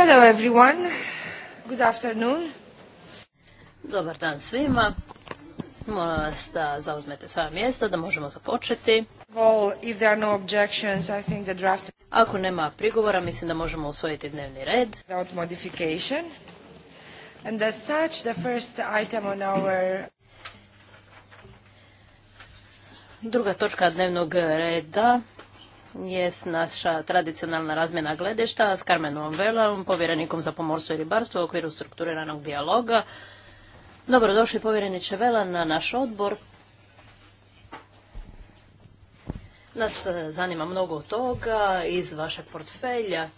Hello everyone. Good afternoon. Dobar dan svima. Molim vas da zauzmete svoja mjesta da možemo započeti. Well, if there are no objections, I think the draft... Ako nema prigovora, mislim da možemo usvojiti dnevni red. Without modification. And as such, the first item on our... Druga točka dnevnog reda je naša tradicionalna razmjena gledešta s Karmenom Velom, povjerenikom za pomorstvo i ribarstvo u okviru strukturiranog dijaloga. Dobrodošli povjereniče Vela na naš odbor. Nas e, zanima mnogo toga iz vašeg portfelja.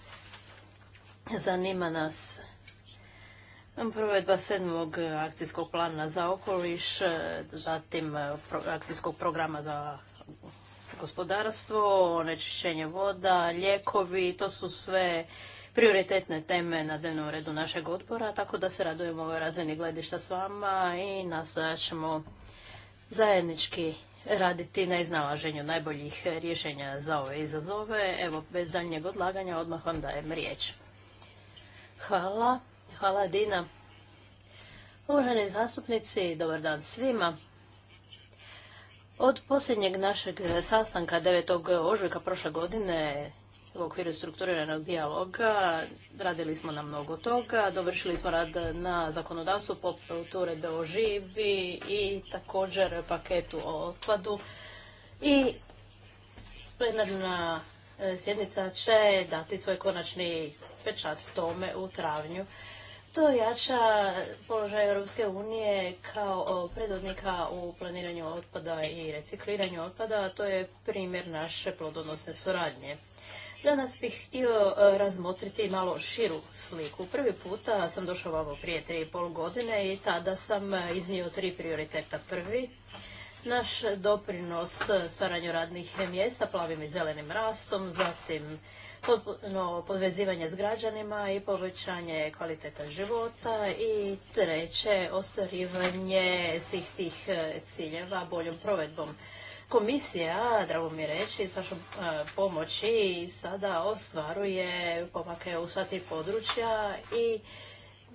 Zanima nas Provedba sedmog akcijskog plana za okoliš, e, zatim e, akcijskog programa za gospodarstvo, onečišćenje voda, lijekovi, to su sve prioritetne teme na dnevnom redu našeg odbora, tako da se radujemo ovoj razini gledišta s vama i nastojat ćemo zajednički raditi na iznalaženju najboljih rješenja za ove izazove. Evo, bez daljnjeg odlaganja odmah vam dajem riječ. Hvala. Hvala Dina. Uvaženi zastupnici, dobar dan svima. Od posljednjeg našeg e, sastanka 9. ožujka prošle godine u okviru strukturiranog dijaloga radili smo na mnogo toga, dovršili smo rad na zakonodavstvu poput urede o živi i također paketu o otpadu i plenarna e, sjednica će dati svoj konačni pečat tome u travnju. To jača položaj Europske unije kao predodnika u planiranju otpada i recikliranju otpada, a to je primjer naše plodonosne suradnje. Danas bih htio e, razmotriti malo širu sliku. Prvi puta sam došao ovo prije tri i pol godine i tada sam iznio tri prioriteta. Prvi, naš doprinos stvaranju radnih mjesta, plavim i zelenim rastom, zatim potpuno podvezivanje s građanima i povećanje kvaliteta života i treće, ostvarivanje svih tih e, ciljeva boljom provedbom. Komisija, drago mi reći, s vašom e, pomoći sada ostvaruje pomake u sva područja i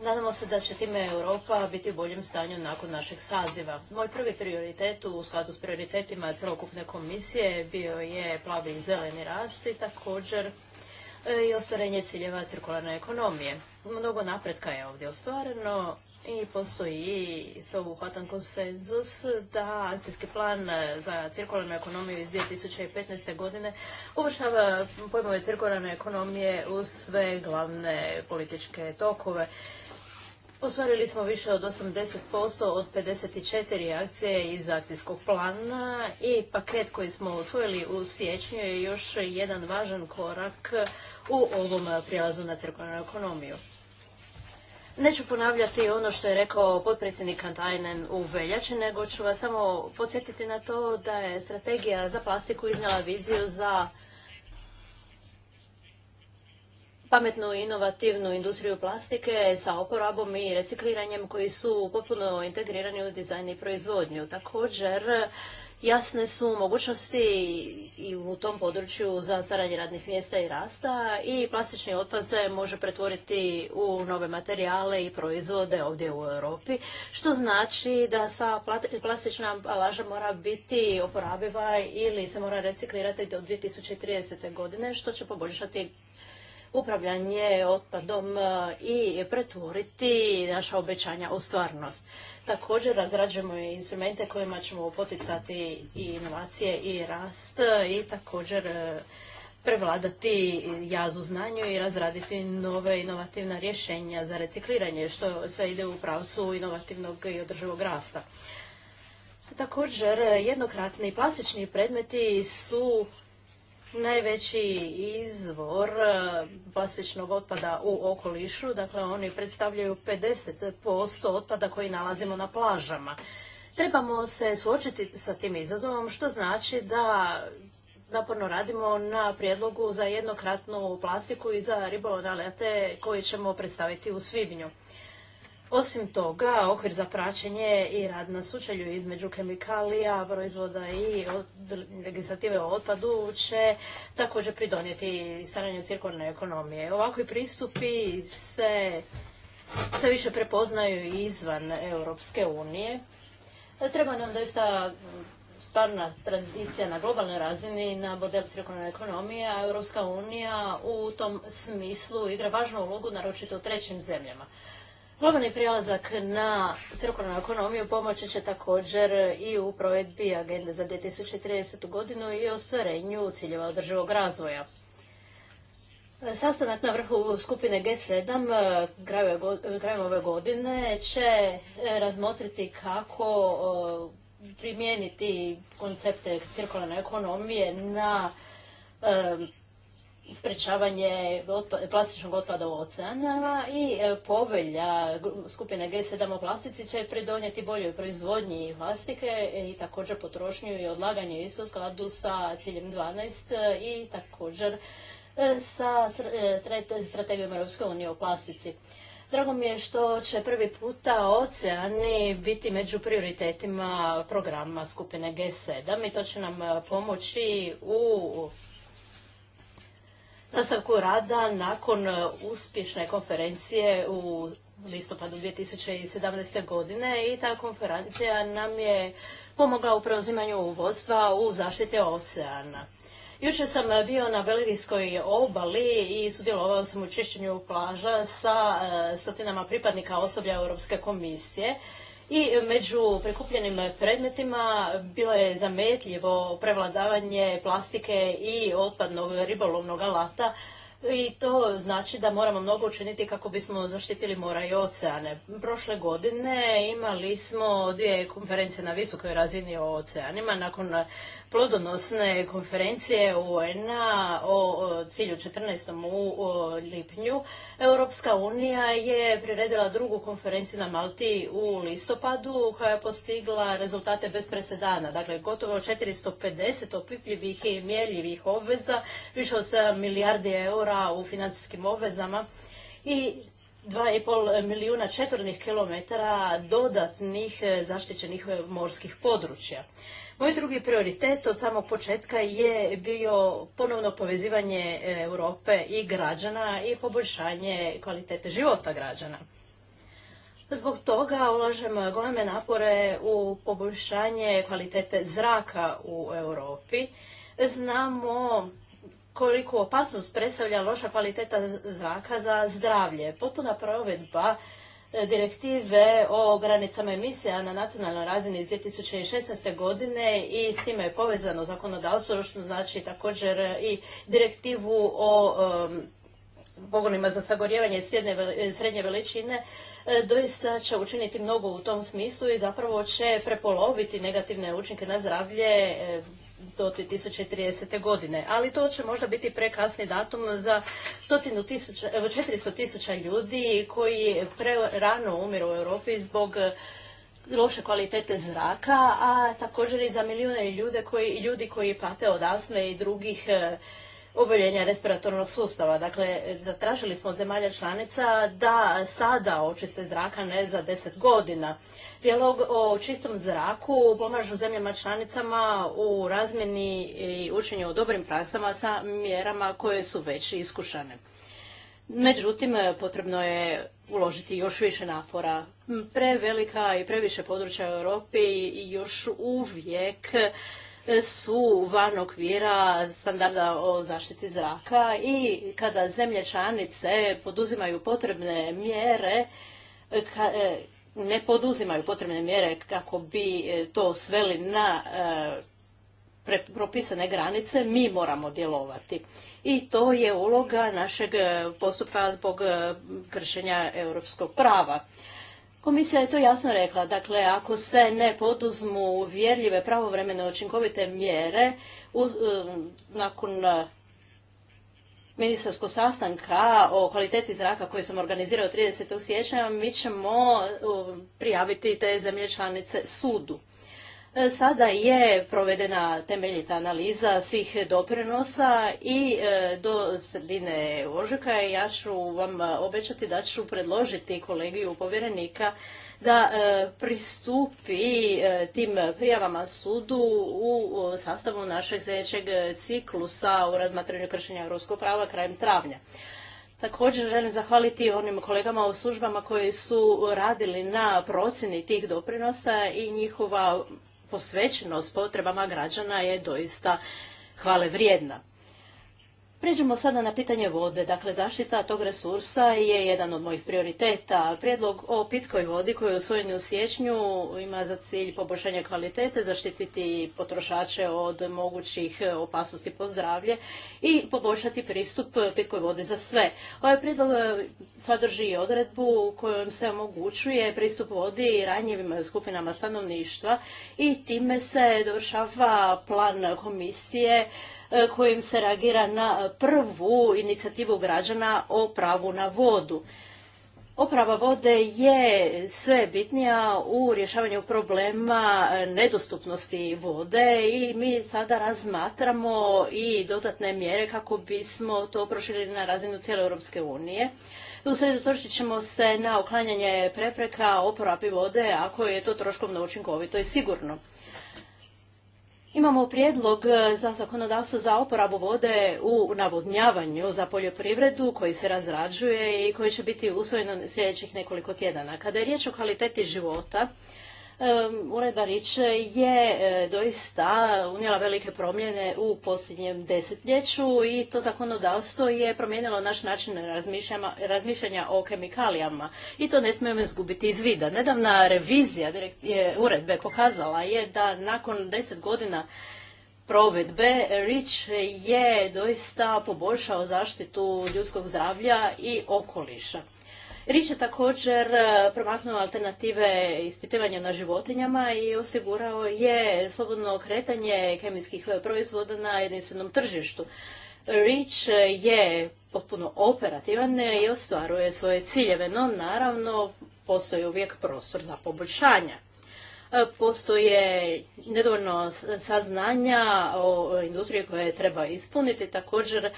Nadamo se da će time Europa biti u boljem stanju nakon našeg saziva. Moj prvi prioritet u skladu s prioritetima celokupne komisije bio je plavi i zeleni rast i također E, i ostvarenje ciljeva cirkularne ekonomije. Mnogo napretka je ovdje ostvareno i postoji sveobuhvatan konsenzus da akcijski plan za cirkularnu ekonomiju iz 2015. godine uvršava pojmove cirkularne ekonomije u sve glavne političke tokove. Ostvarili smo više od 80% od 54 akcije iz akcijskog plana i paket koji smo usvojili u siječnju je još jedan važan korak u ovom eh, prijelazu na crkvenu ekonomiju. Neću ponavljati ono što je rekao potpredsjednik Kantajnen u veljači, nego ću vas samo podsjetiti na to da je strategija za plastiku iznala viziju za pametnu i inovativnu industriju plastike sa oporabom i recikliranjem koji su potpuno integrirani u dizajn i proizvodnju. Također, jasne su mogućnosti i u tom području za stvaranje radnih mjesta i rasta i plastični otpad se može pretvoriti u nove materijale i proizvode ovdje u Europi, što znači da sva plastična ambalaža mora biti oporabiva ili se mora reciklirati do 2030. godine, što će poboljšati upravljanje otpadom e, i pretvoriti naša obećanja u stvarnost. Također razrađujemo i instrumente kojima ćemo poticati i inovacije i rast e, i također e, prevladati jaz u znanju i razraditi nove inovativna rješenja za recikliranje, što sve ide u pravcu inovativnog i održivog rasta. Također, jednokratni plastični predmeti su najveći izvor e, plastičnog otpada u okolišu, dakle oni predstavljaju 50% otpada koji nalazimo na plažama. Trebamo se suočiti sa tim izazovom, što znači da naporno radimo na prijedlogu za jednokratnu plastiku i za ribolovne alete koje ćemo predstaviti u svibnju. Osim toga, okvir za praćenje i rad na sučelju između kemikalija, proizvoda i legislative o otpadu će također pridonijeti stvaranju cirkularne ekonomije. Ovakvi pristupi se sve više prepoznaju izvan Europske unije. Treba nam doista stvarna tranzicija na globalnoj razini na model cirkularne ekonomije, a Europska unija u tom smislu igra važnu ulogu, naročito u trećim zemljama. Globalni prijelazak na cirkularnu ekonomiju pomoći će također i u provedbi agende za 2030. godinu i ostvarenju ciljeva održivog razvoja. Sastanak na vrhu skupine G7 eh, krajem ove godine će eh, razmotriti kako eh, primijeniti koncepte cirkularne ekonomije na sprečavanje plastičnog otpada u oceanama i e, povelja skupine G7 o plastici će pridonijeti boljoj proizvodnji plastike i također potrošnju i odlaganju isto u skladu sa ciljem 12 e, i također e, sa strategijom Europske unije o plastici. Drago mi je što će prvi puta oceani biti među prioritetima programa skupine G7 i to će nam pomoći u nastavku rada nakon e, uspješne konferencije u listopadu 2017. godine i ta konferencija nam je pomogla u preuzimanju uvodstva u zaštite oceana. Jučer sam bio na Belgijskoj obali i sudjelovao sam u čišćenju plaža sa e, stotinama pripadnika osoblja Europske komisije i među prikupljenim predmetima bilo je zametljivo prevladavanje plastike i otpadnog ribolovnog alata i to znači da moramo mnogo učiniti kako bismo zaštitili mora i oceane. Prošle godine imali smo dvije konferencije na visokoj razini o oceanima nakon plodonosne konferencije UN-a o cilju 14. u lipnju, Europska unija je priredila drugu konferenciju na Malti u listopadu koja je postigla rezultate bez presedana. Dakle, gotovo 450 opipljivih i mjerljivih obveza, više od 7 milijardi eura u financijskim obvezama i 2,5 milijuna četvrnih kilometara dodatnih e, zaštićenih e, morskih područja. Moj drugi prioritet od samog početka je bio ponovno povezivanje e, Europe i građana i poboljšanje kvalitete života građana. Zbog toga ulažem goleme napore u poboljšanje kvalitete zraka u Europi. Znamo koliku opasnost predstavlja loša kvaliteta zraka za zdravlje. Potpuna provedba e, direktive o granicama emisija na nacionalnoj razini iz 2016. godine i s time je povezano zakonodavstvo, što znači također e, i direktivu o pogonima za sagorjevanje srednje veličine, e, doista će učiniti mnogo u tom smislu i zapravo će prepoloviti negativne učinke na zdravlje do 2030. godine. Ali to će možda biti prekasni datum za stotinu tisuća, 400 tisuća ljudi koji pre rano umiru u Europi zbog e, loše kvalitete zraka, a također i za milijune ljude koji, ljudi koji pate od astme i drugih e, oboljenja respiratornog sustava. Dakle, zatražili smo zemalja članica da sada očiste zraka ne za deset godina. Dijalog o čistom zraku pomažu zemljama članicama u razmjeni i učenju o dobrim praksama sa mjerama koje su već iskušane. Međutim, potrebno je uložiti još više napora. Prevelika i previše područja u Europi još uvijek su van okvira standarda o zaštiti zraka i kada zemlje članice poduzimaju potrebne mjere, e, ne poduzimaju potrebne mjere kako bi e, to sveli na e, propisane granice, mi moramo djelovati. I to je uloga našeg postupka zbog kršenja europskog prava. Komisija je to jasno rekla, dakle ako se ne poduzmu uvjerljive, pravovremene, učinkovite mjere um, nakon uh, ministarskog sastanka o kvaliteti zraka koji sam organizirao 30. siječnja, mi ćemo um, prijaviti te zemlje članice sudu. E, sada je provedena temeljita analiza svih doprinosa i e, do sredine ožujka ja ću vam obećati da ću predložiti kolegiju povjerenika da e, pristupi tim prijavama sudu u sastavu našeg sljedećeg ciklusa u razmatranju kršenja europskog prava krajem travnja. Također želim zahvaliti onim kolegama u službama koji su radili na procjeni tih doprinosa i njihova posvećenost potrebama građana je doista hvale vrijedna. Pređemo sada na pitanje vode. Dakle, zaštita tog resursa je jedan od mojih prioriteta. Prijedlog o pitkoj vodi koji je usvojen u siječnju ima za cilj poboljšanje kvalitete, zaštititi potrošače od mogućih opasnosti po zdravlje i poboljšati pristup pitkoj vodi za sve. Ovaj prijedlog e, sadrži i odredbu kojom se omogućuje pristup vodi ranjivim skupinama stanovništva i time se dovršava plan komisije E, kojim se reagira na prvu inicijativu građana o pravu na vodu. Oprava vode je sve bitnija u rješavanju problema nedostupnosti vode i mi sada razmatramo i dodatne mjere kako bismo to proširili na razinu cijele Europske unije. Usredotočit ćemo se na uklanjanje prepreka oporabi vode ako je to troškovno učinkovito i sigurno. Imamo prijedlog e, za zakonodavstvo za oporabu vode u navodnjavanju za poljoprivredu koji se razrađuje i koji će biti usvojen sljedećih nekoliko tjedana. Kada je riječ o kvaliteti života, Uredba Rič je e, doista unijela velike promjene u posljednjem desetljeću i to zakonodavstvo je promijenilo naš način razmišljanja o kemikalijama i to ne smijemo izgubiti iz vida. Nedavna revizija uredbe pokazala je da nakon deset godina provedbe REACH je doista poboljšao zaštitu ljudskog zdravlja i okoliša. Rič je također e, promaknuo alternative ispitivanja na životinjama i osigurao je slobodno kretanje kemijskih proizvoda na jedinstvenom tržištu. Rič je potpuno operativan i ostvaruje svoje ciljeve, no naravno postoji uvijek prostor za poboljšanje. E, postoje nedovoljno saznanja o industriji koje treba ispuniti. Također e,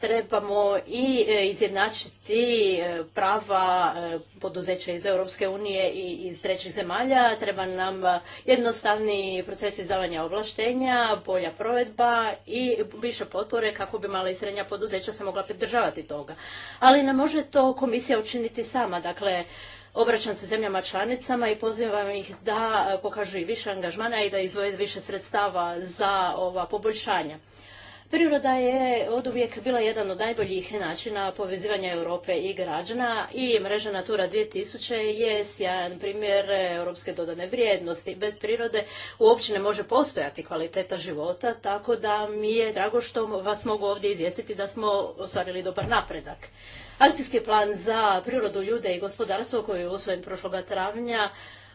trebamo i e, izjednačiti prava poduzeća iz Europske unije i iz trećih zemalja. Treba nam jednostavni proces izdavanja oblaštenja, bolja provedba i više potpore kako bi mala i srednja poduzeća se mogla pridržavati toga. Ali ne može to komisija učiniti sama. Dakle, obraćam se zemljama članicama i pozivam ih da e, pokažu i više angažmana i da izvoje više sredstava za ova poboljšanja. Priroda je od uvijek bila jedan od najboljih načina povezivanja Europe i građana i mreža Natura 2000 je sjajan primjer europske dodane vrijednosti. Bez prirode uopće ne može postojati kvaliteta života, tako da mi je drago što vas mogu ovdje izvijestiti da smo ostvarili dobar napredak. Akcijski plan za prirodu, ljude i gospodarstvo koji je usvojen prošloga travnja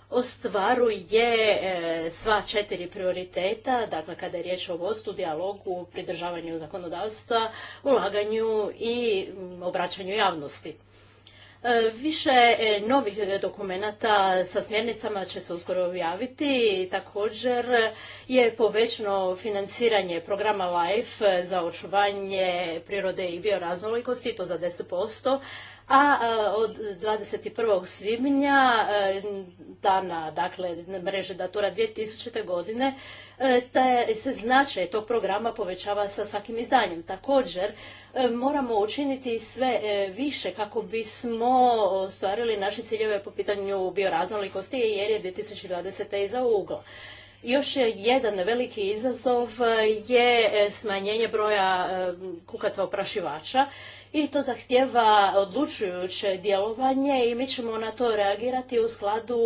ostvaruje e, sva četiri prioriteta, dakle kada je riječ o vostu, dijalogu, pridržavanju zakonodavstva, ulaganju i obraćanju javnosti. E, više e, novih e, dokumenata sa smjernicama će se uskoro objaviti također je povećano financiranje programa LIFE za očuvanje prirode i bioraznolikosti, to za 10%, a e, od 21. svibnja e, dana dakle mreže Datura 2000. godine e, taj se značaj tog programa povećava sa svakim izdanjem. Također moramo učiniti sve više kako bismo ostvarili naše ciljeve po pitanju bioraznolikosti jer je 2020. iza ugla. Još jedan veliki izazov je smanjenje broja kukaca oprašivača i to zahtjeva odlučujuće djelovanje i mi ćemo na to reagirati u skladu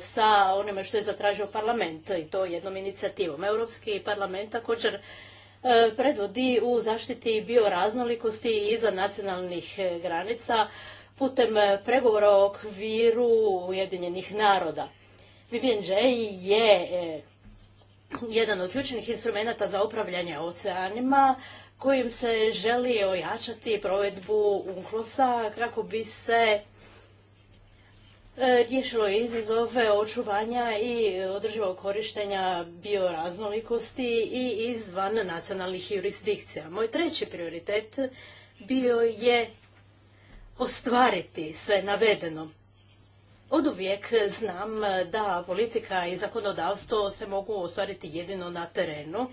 sa onime što je zatražio parlament i to jednom inicijativom. Europski parlament također e, predvodi u zaštiti bioraznolikosti iza nacionalnih e, granica putem e, pregovora o okviru Ujedinjenih naroda. BBNJ je jedan od ključnih instrumenata za upravljanje oceanima kojim se želi ojačati provedbu unclos kako bi se e, riješilo izizove očuvanja i održivog korištenja bioraznolikosti i izvan nacionalnih jurisdikcija. Moj treći prioritet bio je ostvariti sve navedeno. Od uvijek znam da politika i zakonodavstvo se mogu ostvariti jedino na terenu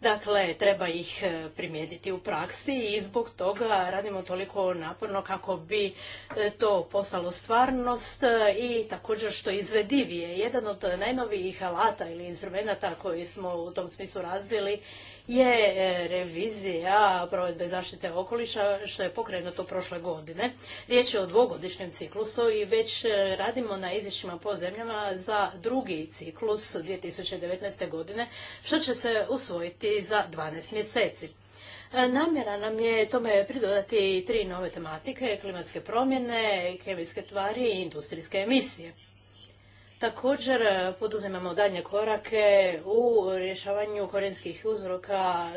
Dakle, treba ih e, primijetiti u praksi i zbog toga radimo toliko naporno kako bi e, to postalo stvarnost e, i također što izvedivije. Jedan od najnovijih alata ili instrumenta koji smo u tom smislu razvili je e, revizija provedbe zaštite okoliša što je pokrenuto prošle godine. Riječ je o dvogodišnjem ciklusu i već e, radimo na izvješćima po zemljama za drugi ciklus 2019. godine što će se usvojiti za 12 mjeseci. E, namjera nam je tome pridodati tri nove tematike, klimatske promjene, kemijske tvari i industrijske emisije. Također e, poduzimamo dalje korake u rješavanju korijenskih uzroka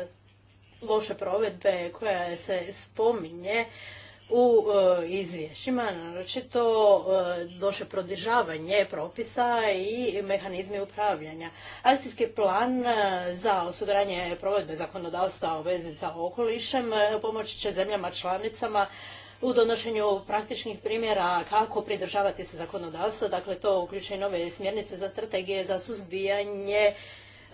loše provedbe koja se spominje u e, izvješćima, naročito e, loše prodržavanje propisa i mehanizmi upravljanja. Akcijski plan za osiguranje provedbe zakonodavstva u vezi sa okolišem pomoći će zemljama članicama u donošenju praktičnih primjera kako pridržavati se zakonodavstva. Dakle, to uključuje nove smjernice za strategije za suzbijanje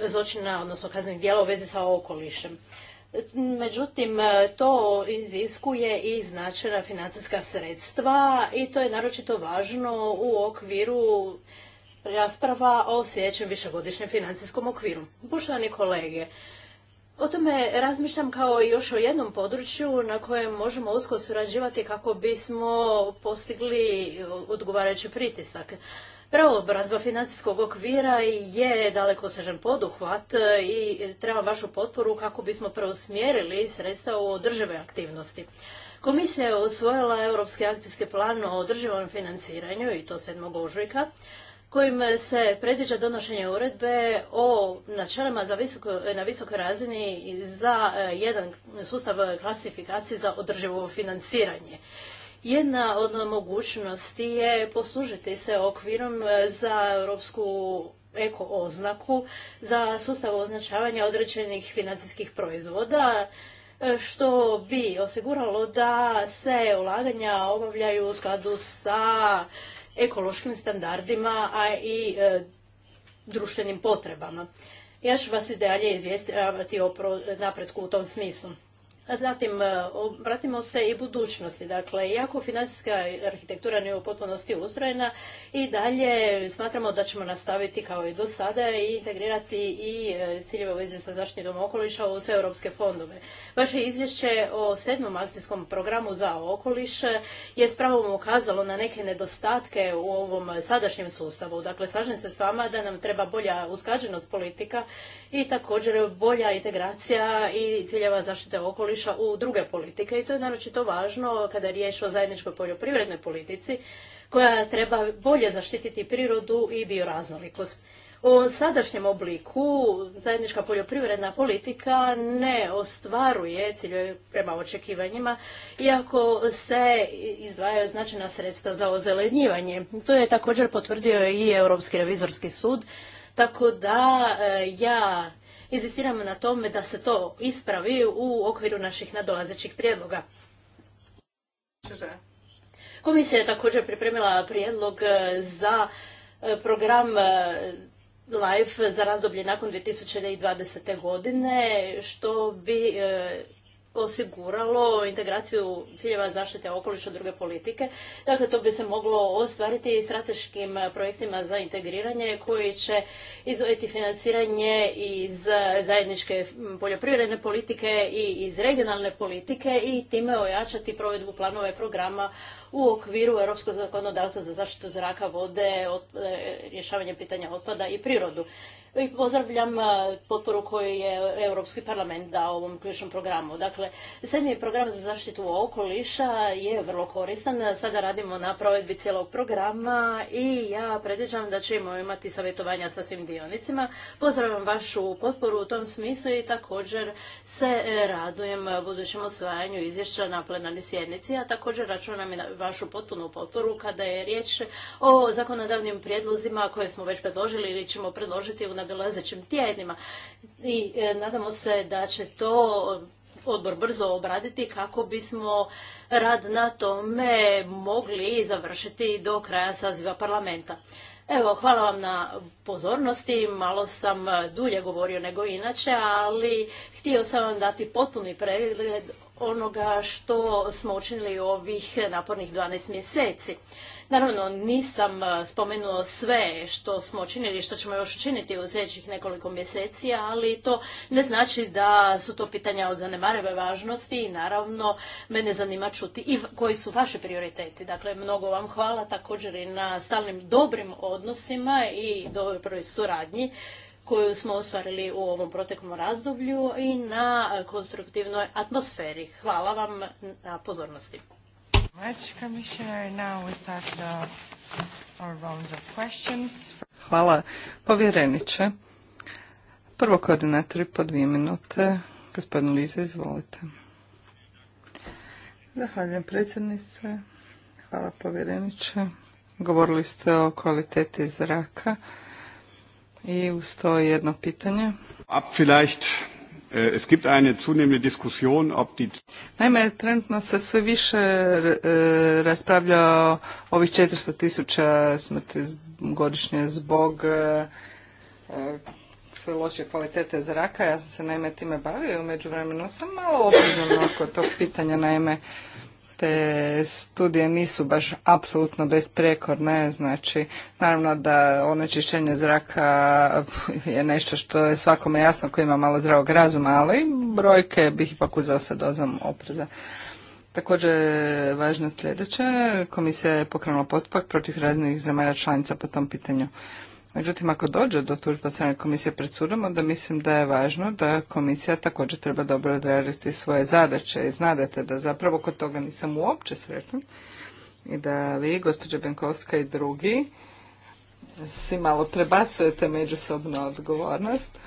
zločina, odnosno kaznenih djela u vezi sa okolišem. Međutim, to iziskuje i značajna financijska sredstva i to je naročito važno u okviru rasprava o sljedećem višegodišnjem financijskom okviru. Poštovani kolege, o tome razmišljam kao još o jednom području na kojem možemo usko surađivati kako bismo postigli odgovarajući pritisak. Preobrazba financijskog okvira je daleko sežen poduhvat i treba vašu potporu kako bismo preusmjerili sredstva u održive aktivnosti. Komisija je usvojila Europski akcijski plan o održivom financiranju i to 7. ožujka, kojim se predviđa donošenje uredbe o načelima za na visokoj razini za e, jedan sustav klasifikacije za održivo financiranje. Jedna od mogućnosti je poslužiti se okvirom e, za europsku eko oznaku za sustav označavanja određenih financijskih proizvoda e, što bi osiguralo da se ulaganja obavljaju u skladu sa ekološkim standardima, a i e, društvenim potrebama. Ja ću vas i dalje izvještavati o napretku u tom smislu. Zatim, e, obratimo se i budućnosti. Dakle, iako financijska arhitektura nije u potpunosti ustrojena i dalje smatramo da ćemo nastaviti kao i do sada i integrirati i e, ciljeve u vezi sa zaštitom okoliša u sve europske fondove. Vaše izvješće o sedmom akcijskom programu za okoliš je spravo ukazalo na neke nedostatke u ovom sadašnjem sustavu. Dakle, slažem se s vama da nam treba bolja usklađenost politika i također bolja integracija i ciljeva zaštite okoliša u druge politike i to je naročito važno kada je riječ o zajedničkoj poljoprivrednoj politici koja treba bolje zaštititi prirodu i bioraznolikost. U sadašnjem obliku zajednička poljoprivredna politika ne ostvaruje ciljeve prema očekivanjima, iako se izdvajaju značajna sredstva za ozelenjivanje. To je također potvrdio i Europski revizorski sud, tako da e, ja inzistiramo na tome da se to ispravi u okviru naših nadolazećih prijedloga. Komisija je također pripremila prijedlog e, za e, program e, LIFE za razdoblje nakon 2020. godine, što bi osiguralo integraciju ciljeva zaštite okoliša druge politike. Dakle, to bi se moglo ostvariti i strateškim projektima za integriranje koji će izvojiti financiranje iz zajedničke poljoprivredne politike i iz regionalne politike i time ojačati provedbu planova programa u okviru Europskog zakonodavstva za zaštitu zraka, vode, e, rješavanje pitanja otpada i prirodu i pozdravljam e, potporu koju je Europski parlament dao ovom ključnom programu. Dakle, sedmi program za zaštitu okoliša je vrlo koristan. Sada radimo na provedbi cijelog programa i ja predviđam da ćemo imati savjetovanja sa svim dionicima. Pozdravljam vašu potporu u tom smislu i također se e, radujem budućem osvajanju izvješća na plenarnoj sjednici, a također računam i na vašu potpunu potporu kada je riječ o zakonodavnim prijedlozima koje smo već predložili ili ćemo predložiti u nadolazećim tjednima. I e, nadamo se da će to odbor brzo obraditi kako bismo rad na tome mogli završiti do kraja saziva parlamenta. Evo, hvala vam na pozornosti, malo sam dulje govorio nego inače, ali htio sam vam dati potpuni pregled onoga što smo učinili u ovih napornih 12 mjeseci. Naravno, nisam e, spomenula sve što smo činili i što ćemo još učiniti u sljedećih nekoliko mjeseci, ali to ne znači da su to pitanja od zanemareve važnosti i naravno mene zanima čuti i koji su vaši prioriteti. Dakle, mnogo vam hvala također i na stalnim dobrim odnosima i dobroj suradnji koju smo ostvarili u ovom proteklom razdoblju i na konstruktivnoj atmosferi. Hvala vam na pozornosti. Hvala povjereniče. Prvo koordinator po dvije minute. Gospodin Liza, izvolite. Zahvaljujem predsjednice. Hvala povjereniče. Govorili ste o kvaliteti zraka i uz to jedno pitanje. A, vielleicht Äh, es gibt eine zunehmende Diskussion, ob die... Naime, trenutno se sve više e, raspravlja o ovih 400 tisuća smrti godišnje zbog e, e, sve loše kvalitete zraka. Ja sam se naime time bavio i umeđu vremenu sam malo oprezan oko tog pitanja. Naime, te studije nisu baš apsolutno besprekorne, znači naravno da onečišćenje zraka je nešto što je svakome jasno koji ima malo zdravog razuma, ali brojke bih ipak uzeo sa dozom opreza. Također važno sljedeće, komisija je pokrenula postupak protiv raznih zemalja članica po tom pitanju. Međutim, ako dođe do tužba strane komisije pred sudom, onda mislim da je važno da komisija također treba dobro odraditi svoje zadaće. I znadete da zapravo kod toga nisam uopće sretan i da vi, gospođa Benkovska i drugi, si malo prebacujete međusobno odgovornost.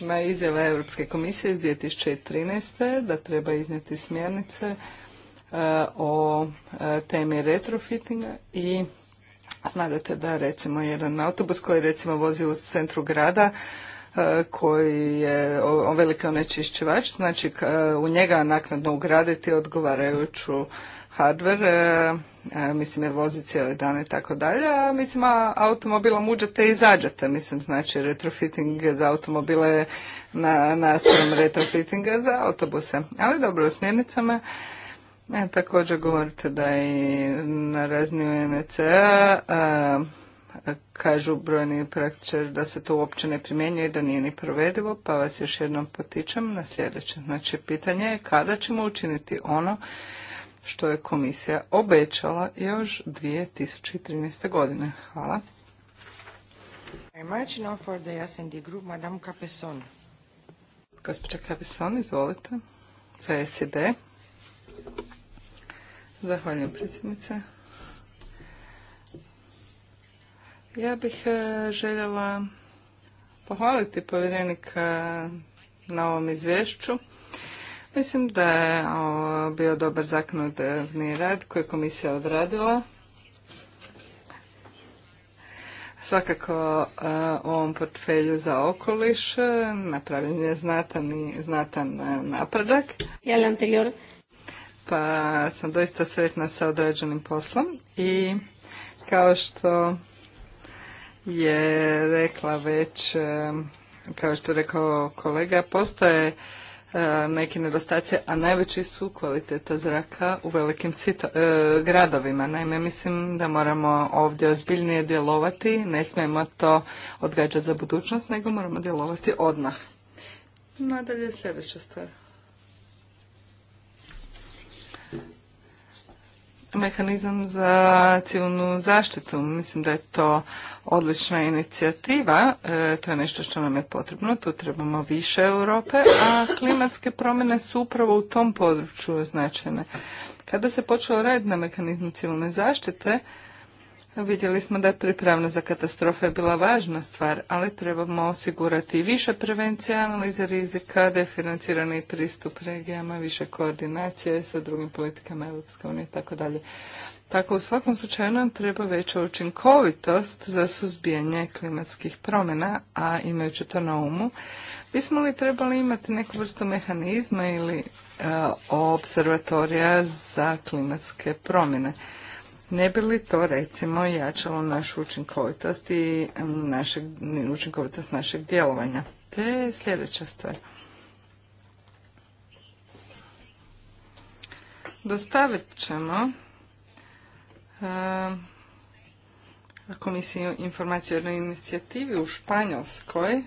Ima izjava Europske komisije iz 2013. da treba iznijeti smjernice e, o e, temi retrofittinga i Znadete da recimo jedan autobus koji recimo vozi u centru grada e, koji je veliki onečišćivač, znači e, u njega naknadno ugraditi odgovarajuću hardware, e, mislim je vozi cijeli dan i tako dalje, mislim a automobilom uđete i izađete, mislim znači retrofitting za automobile na naspram retrofittinga za autobuse, ali dobro u smjernicama E, također govorite da i na razini UNCA e kažu brojni praktičari da se to uopće ne primjenjuje i da nije ni provedivo, pa vas još jednom potičem na sljedeće. Znači, pitanje je kada ćemo učiniti ono što je komisija obećala još 2013. godine. Hvala. Gospođa Capison, izvolite, za SED. Zahvaljujem predsjednice. Ja bih e, željela pohvaliti povjerenika na ovom izvješću. Mislim da je bio dobar zakonodavni rad koji je komisija odradila. Svakako e, u ovom portfelju za okoliš e, napravljen je znatan, napredak. Ja anterior pa sam doista sretna sa odrađenim poslom i kao što je rekla već, kao što je rekao kolega, postoje eh, neki nedostaci, a najveći su kvaliteta zraka u velikim eh, gradovima. Naime, mislim da moramo ovdje ozbiljnije djelovati, ne smijemo to odgađati za budućnost, nego moramo djelovati odmah. Nadalje sljedeća stvar. mehanizam za civilnu zaštitu. Mislim da je to odlična inicijativa, e, to je nešto što nam je potrebno, tu trebamo više Europe, a klimatske promjene su upravo u tom području značajne. Kada se počelo raditi na mehanizmu civilne zaštite, Vidjeli smo da pripravna za katastrofe je bila važna stvar, ali trebamo osigurati više prevencije, analize rizika, definancirani pristup regijama, više koordinacije sa drugim politikama Europske unije i tako dalje. Tako u svakom slučaju nam treba veća učinkovitost za suzbijanje klimatskih promjena, a imajući to na umu, bismo li trebali imati neku vrstu mehanizma ili e, observatorija za klimatske promjene? Ne bi li to recimo jačalo našu učinkovitost i našeg, učinkovitost našeg djelovanja? Te sljedeća stvar. Dostavit ćemo komisiju informaciju o jednoj inicijativi u Španjolskoj.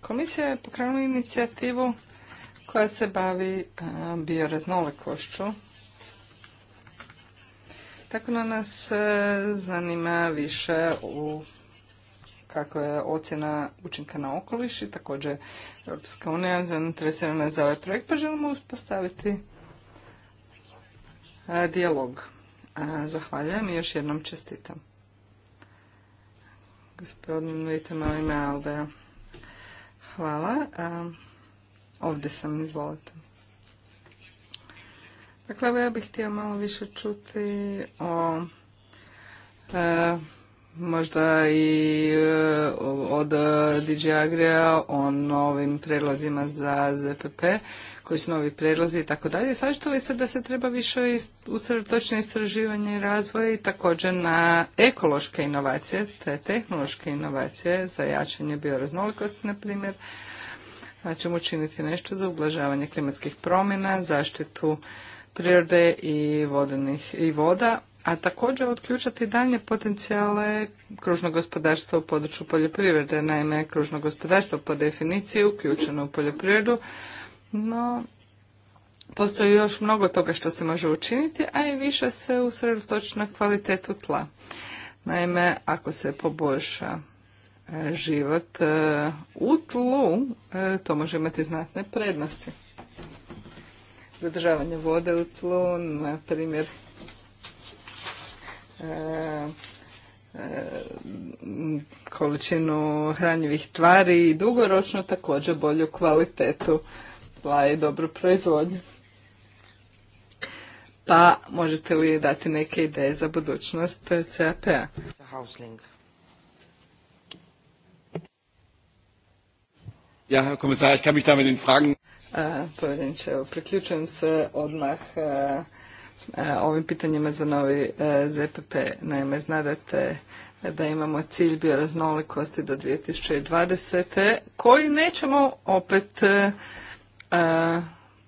Komisija je pokrenula inicijativu koja se bavi bioraznolikošću tako da nas e, zanima više u kako je ocjena učinka na okoliš i također Europska unija zainteresirana za ovaj projekt, pa želimo uspostaviti e, dijalog. Zahvaljujem i još jednom čestitam. Gospodin Vita Malina Aldeja. Hvala. Ovdje sam, izvolite. Dakle, evo ja bih htio malo više čuti o e, možda i e, od DJ Agria o novim predlozima za ZPP, koji su novi predlozi i tako dalje. Sažete se da se treba više usredotočiti istraživanje i razvoj i također na ekološke inovacije, te tehnološke inovacije za jačanje bioraznolikosti, na primjer, da ćemo učiniti nešto za ublažavanje klimatskih promjena, zaštitu prirode i, vodenih, i voda, a također otključati dalje potencijale kružnog gospodarstva u području poljoprivrede. Naime, kružno gospodarstvo po definiciji je uključeno u poljoprivredu, no postoji još mnogo toga što se može učiniti, a i više se usredotoči na kvalitetu tla. Naime, ako se poboljša e, život e, u tlu, e, to može imati znatne prednosti zadržavanje vode u tlu, na primjer e, e, količinu hranjivih tvari i dugoročno također bolju kvalitetu tla i dobru proizvodnju. Pa možete li dati neke ideje za budućnost CAP-a? Ja, Herr Kommissar, ich kann mich E, povjerenče, priključujem se odmah e, e, ovim pitanjima za novi ZPP. Naime, znadate da imamo cilj bioraznolikosti do 2020. koji nećemo opet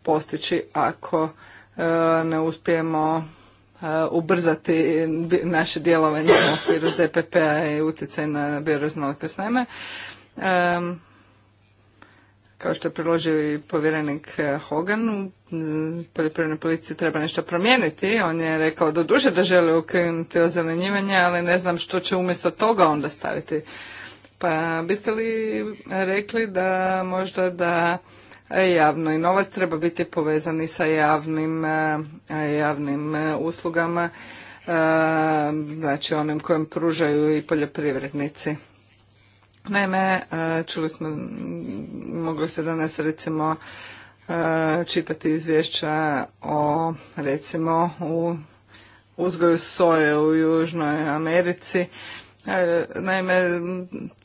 postići ako ne uspijemo ubrzati naše djelovanje u okviru ZPP-a i utjecaj na bioraznolikost. Naime, kao što je priložio i povjerenik eh, Hogan, u poljoprivrednoj policiji treba nešto promijeniti. On je rekao do duše da želi ukrenuti ozelenjivanje, ali ne znam što će umjesto toga onda staviti. Pa biste li rekli da možda da eh, javno i novac treba biti povezani sa javnim, eh, javnim uslugama, znači onim kojim pružaju i poljoprivrednici. Naime, e, čuli smo, moglo se danas recimo e, čitati izvješća o recimo u uzgoju soje u Južnoj Americi. E, naime,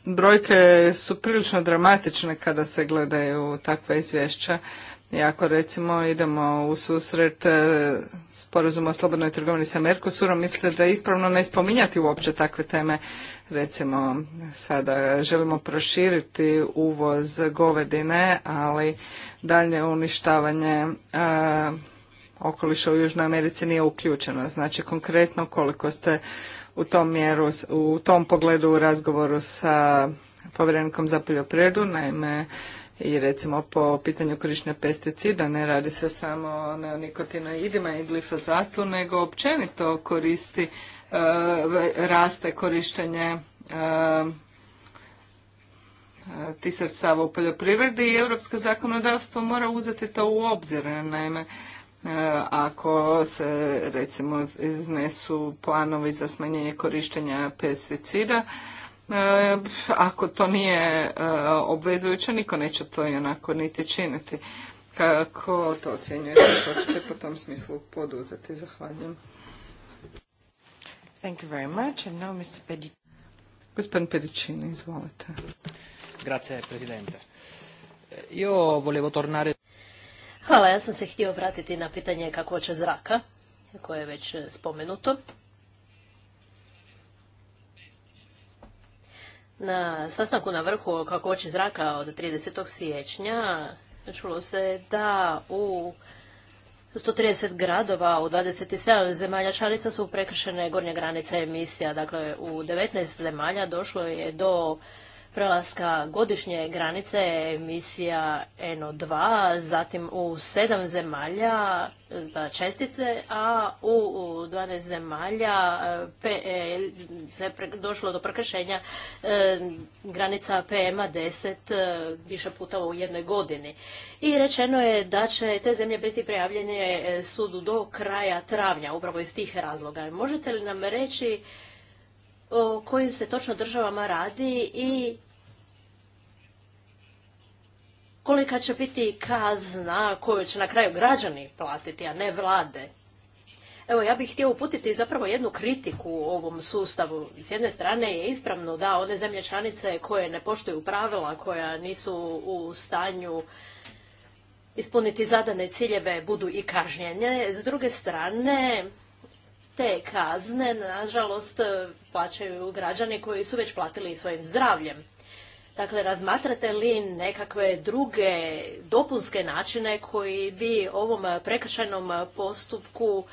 brojke su prilično dramatične kada se gledaju takva izvješća. I ako recimo idemo u susret e, sporazuma o slobodnoj trgovini sa Mercosurom, mislite da je ispravno ne spominjati uopće takve teme. Recimo sada želimo proširiti uvoz govedine, ali dalje uništavanje e, okoliša u Južnoj Americi nije uključeno. Znači konkretno koliko ste u tom mjeru, u tom pogledu u razgovoru sa povjerenikom za poljoprivredu, naime i recimo po pitanju korištenja pesticida ne radi se samo o neonikotinoidima i glifozatu, nego općenito koristi, e, raste korištenje ti e, e, tih sredstava u poljoprivredi i europsko zakonodavstvo mora uzeti to u obzir. Naime, ako se recimo iznesu planovi za smanjenje korištenja pesticida, E, ako to nije e, obvezujuće, niko neće to i onako niti činiti. Kako to ocjenjujete, što ćete po tom smislu poduzeti? Zahvaljujem. Thank you very much. And now Mr. Pedicini. Gospodin Pedicini, izvolite. Grazie, Presidente. Io volevo tornare... Hvala, ja sam se htio vratiti na pitanje kako će zraka, koje je već e, spomenuto. Na sastanku na vrhu kako oči zraka od 30. siječnja čulo se da u 130 gradova u 27 zemalja članica su prekršene gornje granice emisija. Dakle, u 19 zemalja došlo je do prelaska godišnje granice emisija NO2, zatim u sedam zemalja za čestice, a u 12 zemalja eh, eh, se došlo do prekršenja eh, granica PM-a 10 više puta u jednoj godini. I rečeno je da će te zemlje biti prijavljene sudu do kraja travnja, upravo iz tih razloga. Možete li nam reći o kojim se točno državama radi i kolika će biti kazna koju će na kraju građani platiti, a ne vlade. Evo, ja bih htio uputiti zapravo jednu kritiku ovom sustavu. S jedne strane je ispravno da one zemlje članice koje ne poštuju pravila, koja nisu u stanju ispuniti zadane ciljeve, budu i kažnjene. S druge strane, te kazne, nažalost, plaćaju građani koji su već platili svojim zdravljem. Dakle, razmatrate li nekakve druge dopunske načine koji bi ovom prekršajnom postupku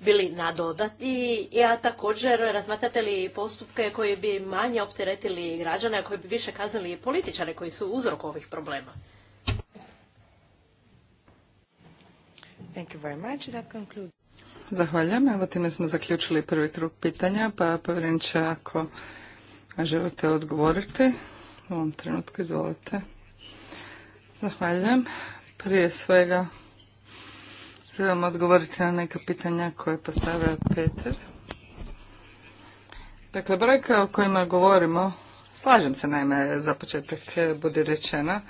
bili nadodati, a također razmatrate li postupke koji bi manje opteretili građane, a koji bi više kaznili političare koji su uzrok ovih problema? Zahvaljujem. Evo time smo zaključili prvi krug pitanja, pa povjerenče ako želite odgovoriti u ovom trenutku. Izvolite. Zahvaljujem. Prije svega želim odgovoriti na neka pitanja koje postavlja Peter. Dakle, brojka o kojima govorimo, slažem se naime za početak eh, budi rečena,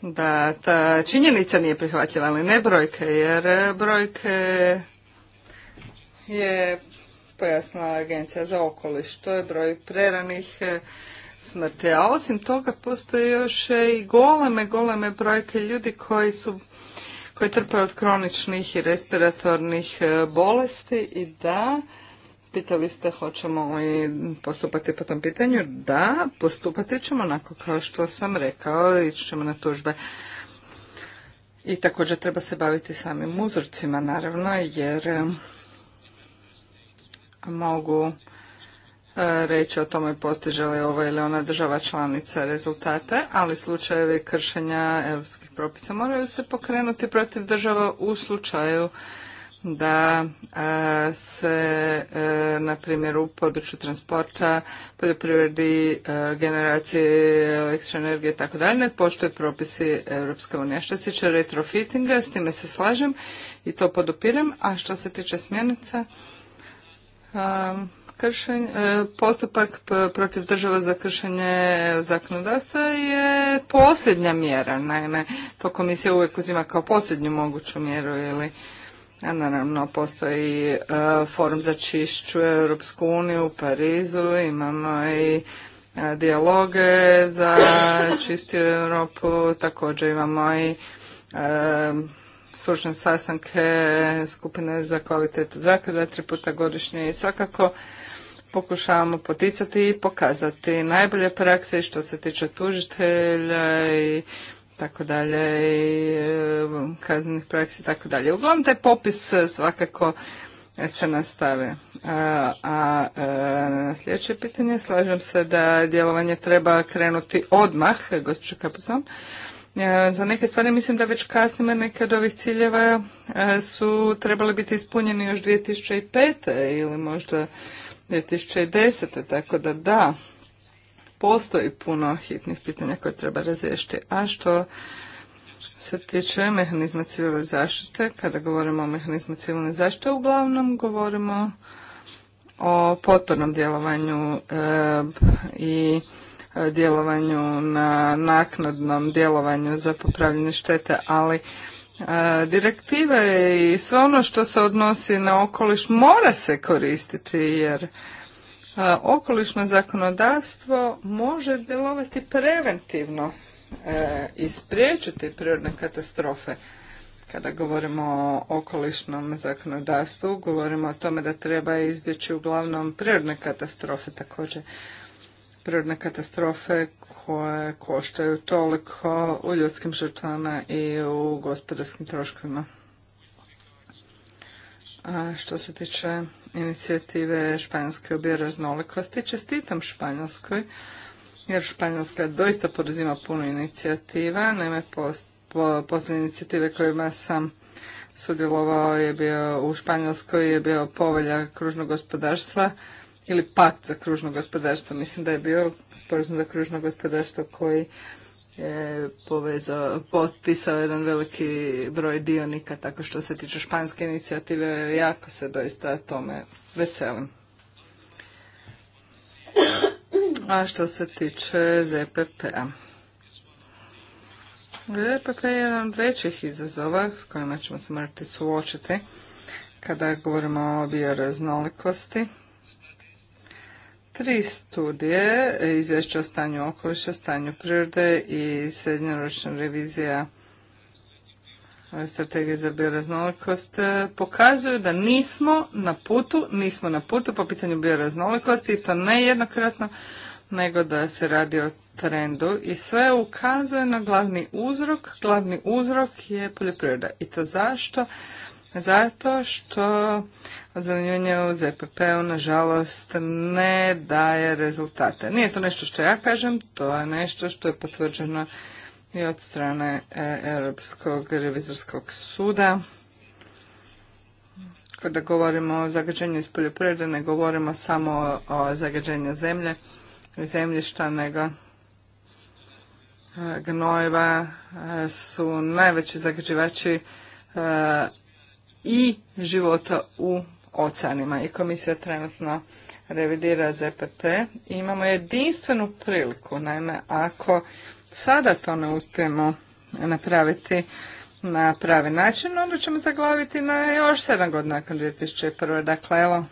da ta činjenica nije prihvatljiva, ali ne brojke, jer eh, brojke je pojasnila Agencija za okoliš. To je broj preranih eh, smrti. A osim toga postoje još e, i goleme, goleme brojke ljudi koji su koji trpe od kroničnih i respiratornih e, bolesti i da, pitali ste hoćemo li postupati po tom pitanju, da, postupati ćemo onako kao što sam rekao, ići ćemo na tužbe. I također treba se baviti samim uzorcima, naravno, jer e, mogu reći o tome postiže li ova ili ona država članica rezultate, ali slučajevi kršenja europskih propisa moraju se pokrenuti protiv država u slučaju da e, se, e, na primjer, u području transporta, poljoprivredi, e, generacije električne energije i tako dalje, poštoje propisi Europske unije. Što se tiče retrofittinga, s time se slažem i to podupirem, a što se tiče smjernica, E, postupak protiv država za kršenje zakonodavstva je posljednja mjera. Naime, to komisija uvijek uzima kao posljednju moguću mjeru ili a naravno postoji e, forum za čišću Europsku uniju u Parizu, imamo i e, dijaloge za čistiju Europu, također imamo i e, stručne sastanke skupine za kvalitetu zraka da tri puta godišnje i svakako pokušavamo poticati i pokazati najbolje prakse što se tiče tužitelja i tako dalje i e, kaznenih praksi i tako dalje. Uglavnom taj popis e, svakako se nastave. A, a, e, sljedeće pitanje, slažem se da djelovanje treba krenuti odmah, gospođo Kapuzon. za neke stvari mislim da već kasnije neke od ovih ciljeva su trebali biti ispunjeni još 2005. ili možda 2010. Tako da da, postoji puno hitnih pitanja koje treba razriješiti. A što se tiče mehanizma civilne zaštite, kada govorimo o mehanizmu civilne zaštite, uglavnom govorimo o potpornom djelovanju e, i djelovanju na naknadnom djelovanju za popravljanje štete, ali direktive i sve ono što se odnosi na okoliš mora se koristiti jer okolišno zakonodavstvo može djelovati preventivno e, i spriječiti prirodne katastrofe. Kada govorimo o okolišnom zakonodavstvu, govorimo o tome da treba izbjeći uglavnom prirodne katastrofe također. Prirodne katastrofe koje koštaju toliko u ljudskim žrtvama i u gospodarskim troškovima. A što se tiče inicijative Španjolske obje bioraznolikosti, čestitam Španjolskoj, jer Španjolska doista poduzima puno inicijativa. Naime, posljednje inicijative kojima sam sudjelovao je bio u Španjolskoj je bio povelja kružnog gospodarstva ili pakt za kružno gospodarstvo, mislim da je bio sporazum za kružno gospodarstvo koji je povezao, potpisao jedan veliki broj dionika, tako što se tiče španske inicijative, jako se doista tome veselim. A što se tiče ZPP-a. ZPP je jedan od većih izazova s kojima ćemo se morati suočiti kada govorimo o bioraznolikosti tri studije, izvješće o stanju okoliša, stanju prirode i srednjoročna revizija e, strategije za bioraznolikost e, pokazuju da nismo na putu, nismo na putu po pitanju bioraznolikosti i to ne jednokratno, nego da se radi o trendu i sve ukazuje na glavni uzrok. Glavni uzrok je poljoprivreda. I to zašto? Zato što Ozelenjivanje u ZPP-u, nažalost, ne daje rezultate. Nije to nešto što ja kažem, to je nešto što je potvrđeno i od strane e, Europskog revizorskog suda. Kada govorimo o zagađenju iz poljoprivrede, ne govorimo samo o zagađenju zemlje i zemljišta, nego e, gnojeva e, su najveći zagađivači i života u oceanima i komisija trenutno revidira ZPP. imamo jedinstvenu priliku, naime ako sada to ne uspijemo napraviti na pravi način, onda ćemo zaglaviti na još 7 godina nakon 2001. Dakle, evo,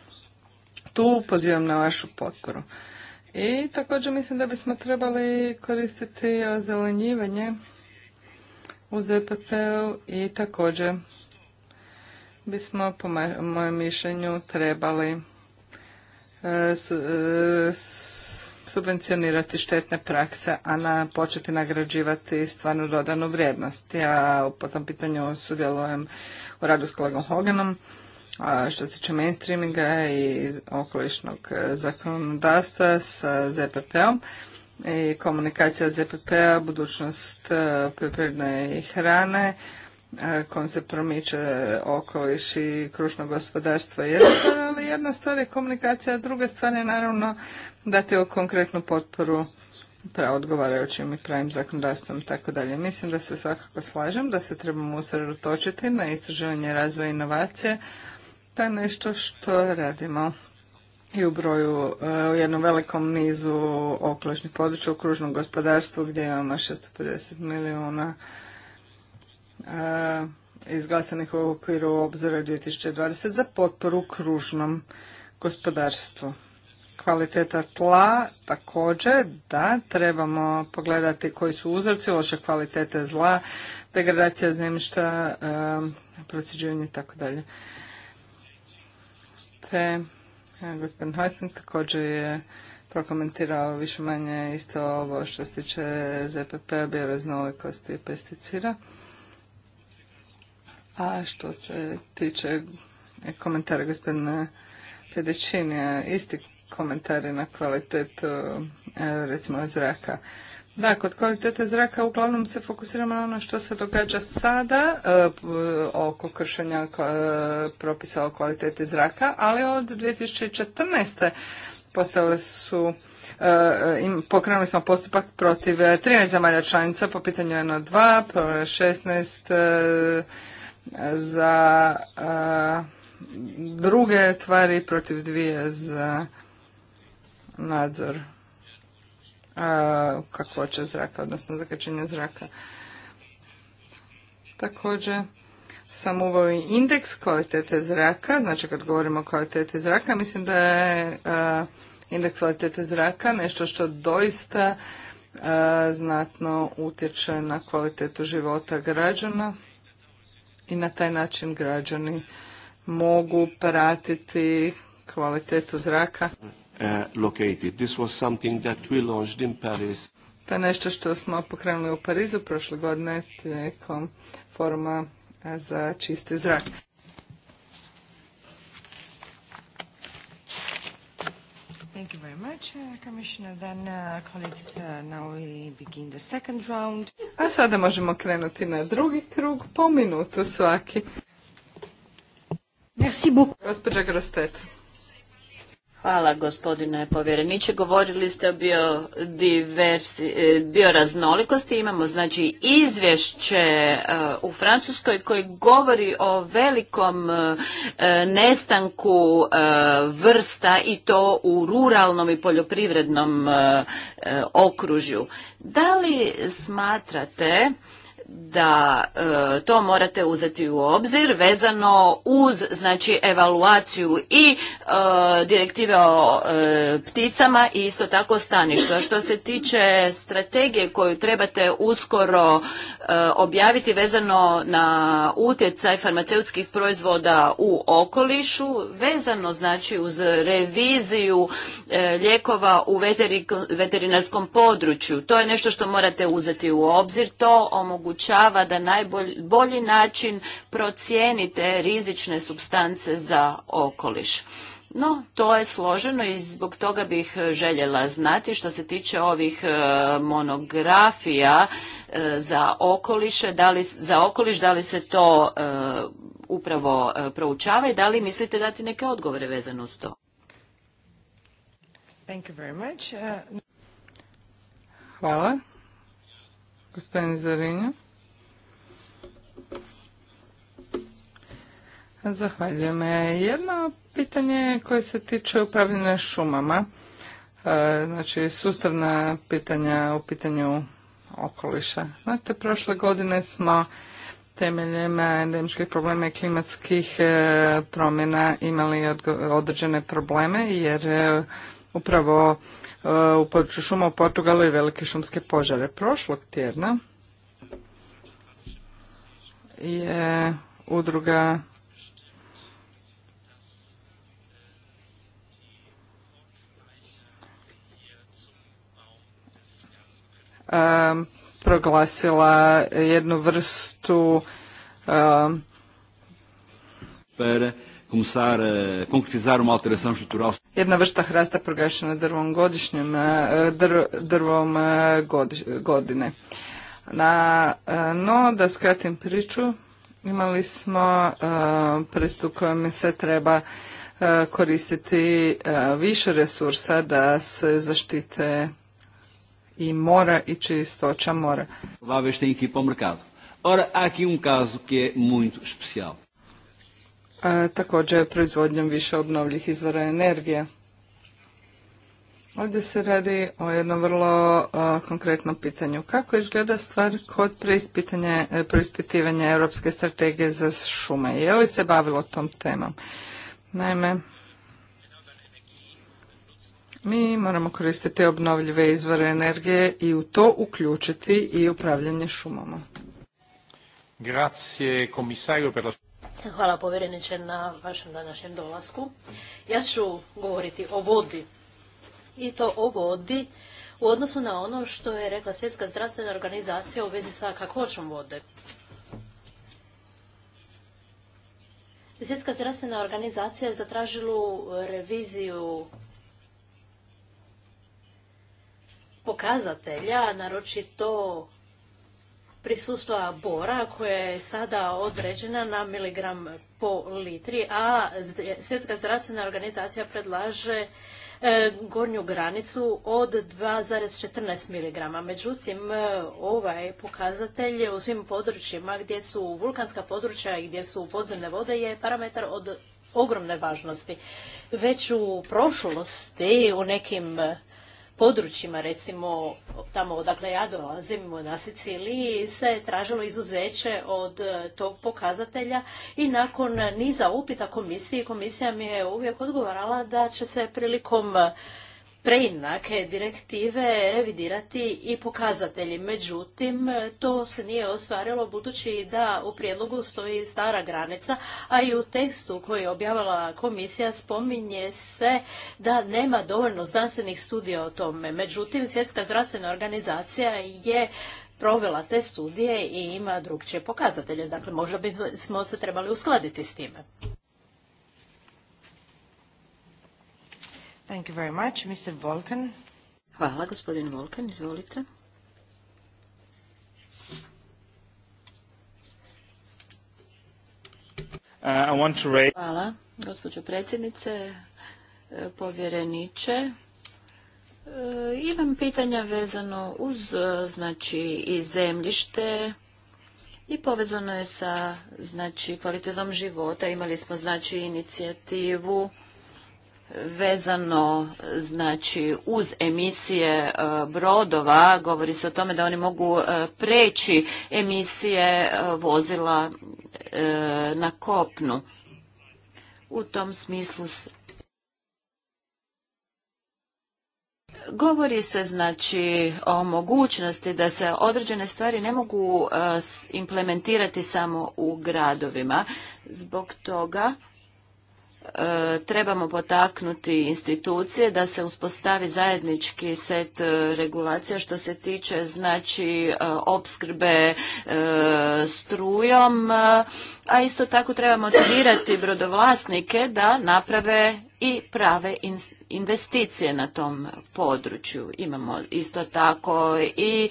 tu pozivam na vašu potporu. I također mislim da bismo trebali koristiti ozelenjivanje u ZPP-u i također bismo po mojem mišljenju trebali e, e, subvencionirati štetne prakse, a na početi nagrađivati stvarno dodanu vrijednost. Ja po tom pitanju sudjelujem u radu s kolegom Hoganom što se tiče mainstreaminga i okolišnog zakonodavstva sa ZPP-om i komunikacija ZPP-a, budućnost e, poljoprivredne hrane, E, kojom se promiče okoliš i kružno gospodarstvo jedna stvar, ali jedna stvar je komunikacija, a druga stvar je naravno dati o konkretnu potporu odgovarajućim i pravim zakonodavstvom tako dalje. Mislim da se svakako slažem da se trebamo usredotočiti na istraživanje razvoja inovacije. To je nešto što radimo i u broju, e, u jednom velikom nizu okolišnih područja u kružnom gospodarstvu gdje imamo 650 milijuna E, izglasanih u okviru obzora 2020 za potporu kružnom gospodarstvu. Kvaliteta tla također, da, trebamo pogledati koji su uzroci loše kvalitete zla, degradacija zemljišta, e, procjeđivanje i tako dalje. Te, e, gospodin Hojsting također je prokomentirao više manje isto ovo što se tiče ZPP, p-a, bioraznolikosti i pesticida. A što se tiče komentara gospodina Pedećinija, isti komentari na kvalitetu e, recimo zraka. Da, kod kvalitete zraka uglavnom se fokusiramo na ono što se događa sada e, oko kršenja e, propisa o kvaliteti zraka, ali od 2014. postale su e, pokrenuli smo postupak protiv 13 zemalja članica po pitanju NO2, 16 za druge tvari, protiv dvije za nadzor kakvoće zraka, odnosno zakačenje zraka. Također sam uvao i indeks kvalitete zraka, znači kad govorimo o kvaliteti zraka, mislim da je indeks kvalitete zraka nešto što doista znatno utječe na kvalitetu života građana i na taj način građani mogu pratiti kvalitetu zraka. To je nešto što smo pokrenuli u Parizu prošle godine tijekom foruma za čisti zrak. Thank you very much, uh, Commissioner. Then, uh, colleagues, uh, now we begin the second round. A sada možemo krenuti na drugi krug, po minutu svaki. Merci beaucoup. Gospođa Grostet. Hvala gospodine povjereniče. Govorili ste o e, bioraznolikosti. Imamo znači izvješće e, u Francuskoj koji govori o velikom e, nestanku vrsta i to u ruralnom i poljoprivrednom okružju. Da li smatrate da e, to morate uzeti u obzir vezano uz znači evaluaciju i e, direktive o e, pticama i isto tako staništa što se tiče strategije koju trebate uskoro objaviti vezano na utjecaj farmaceutskih proizvoda u okolišu, vezano znači uz reviziju lijekova u veterinarskom području. To je nešto što morate uzeti u obzir, to omogućuje omogućava da najbolji način procijenite rizične substance za okoliš. No, to je složeno i zbog toga bih željela znati što se tiče ovih e, monografija e, za okoliše, za okoliš, da li se to e, upravo proučava i da li mislite dati neke odgovore vezano uz to? Thank you very much. Hvala. Gospodin Zahvaljujem. E, jedno pitanje koje se tiče upravljanja šumama, e, znači sustavna pitanja u pitanju okoliša. Znate, prošle godine smo temeljem endemičkih problema i klimatskih e, promjena imali određene probleme jer upravo u području šuma u Portugalu i velike šumske požare. Prošlog tjedna je udruga proglasila jednu vrstu Jedna vrsta hrasta proglašena drvom godišnjem, drvom godine. Na, no, da skratim priču, imali smo uh, kojem se treba koristiti više resursa da se zaštite i mora i čistoća mora. Váveis têm que ir Ora, aqui um caso que é muito especial. također proizvodnjom više obnovljih izvora energije. Ovdje se radi o jednom vrlo konkretnom pitanju. Kako izgleda stvar kod e, preispitivanja Europske strategije za šume? Je li se bavilo tom temom? Naime, mi moramo koristiti obnovljive izvore energije i u to uključiti i upravljanje šumama. Grazie, komisario, per la... Hvala povjereniče na vašem današnjem dolasku. Ja ću govoriti o vodi. I to o vodi u odnosu na ono što je rekla Svjetska zdravstvena organizacija u vezi sa kakvoćom vode. Svjetska zdravstvena organizacija je zatražila reviziju pokazatelja, naročito prisustva bora koja je sada određena na miligram po litri, a Svjetska zdravstvena organizacija predlaže e, gornju granicu od 2,14 mg. Međutim, e, ovaj pokazatelj u svim područjima gdje su vulkanska područja i gdje su podzemne vode je parametar od ogromne važnosti. Već u prošlosti u nekim područjima, recimo tamo odakle ja dolazim na Siciliji, se tražilo izuzeće od e, tog pokazatelja i nakon niza upita komisiji, komisija mi je uvijek odgovarala da će se prilikom preinake direktive revidirati i pokazatelji. Međutim, to se nije ostvarilo budući da u prijedlogu stoji stara granica, a i u tekstu koji je objavila komisija spominje se da nema dovoljno znanstvenih studija o tome. Međutim, Svjetska zdravstvena organizacija je provela te studije i ima drugčije pokazatelje. Dakle, možda bismo se trebali uskladiti s time. Thank you very much. Mr. Volkan. Hvala, gospodin Volkan, izvolite. Uh, Hvala, gospođo predsjednice, uh, povjereniče. Uh, imam pitanja vezano uz znači i zemljište i povezano je sa znači kvalitetom života. Imali smo znači inicijativu vezano znači uz emisije e, brodova govori se o tome da oni mogu e, preći emisije e, vozila na kopnu u tom smislu Govori se znači o mogućnosti da se određene stvari ne mogu implementirati samo u gradovima. Zbog toga E, trebamo potaknuti institucije da se uspostavi zajednički set e, regulacija što se tiče znači e, opskrbe strujom, a isto tako treba motivirati brodovlasnike da naprave i prave investicije na tom području. Imamo isto tako i e,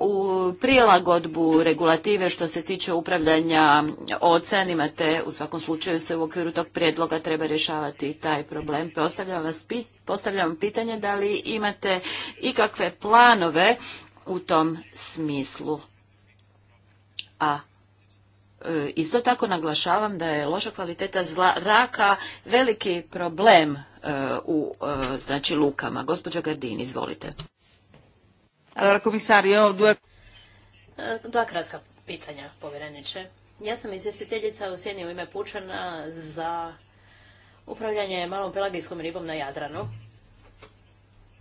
u prilagodbu regulative što se tiče upravljanja ocenima, te u svakom slučaju se u okviru tog prijedloga treba rješavati taj problem. Postavljam, vas, postavljam pitanje da li imate ikakve planove u tom smislu. A E, isto tako naglašavam da je loša kvaliteta zraka veliki problem e, u e, znači lukama. Gospođa Gardini, izvolite. Dva kratka pitanja, povjereniče. Ja sam izvjestiteljica u Sjeni u ime Pučana za upravljanje malom pelagijskom ribom na Jadranu.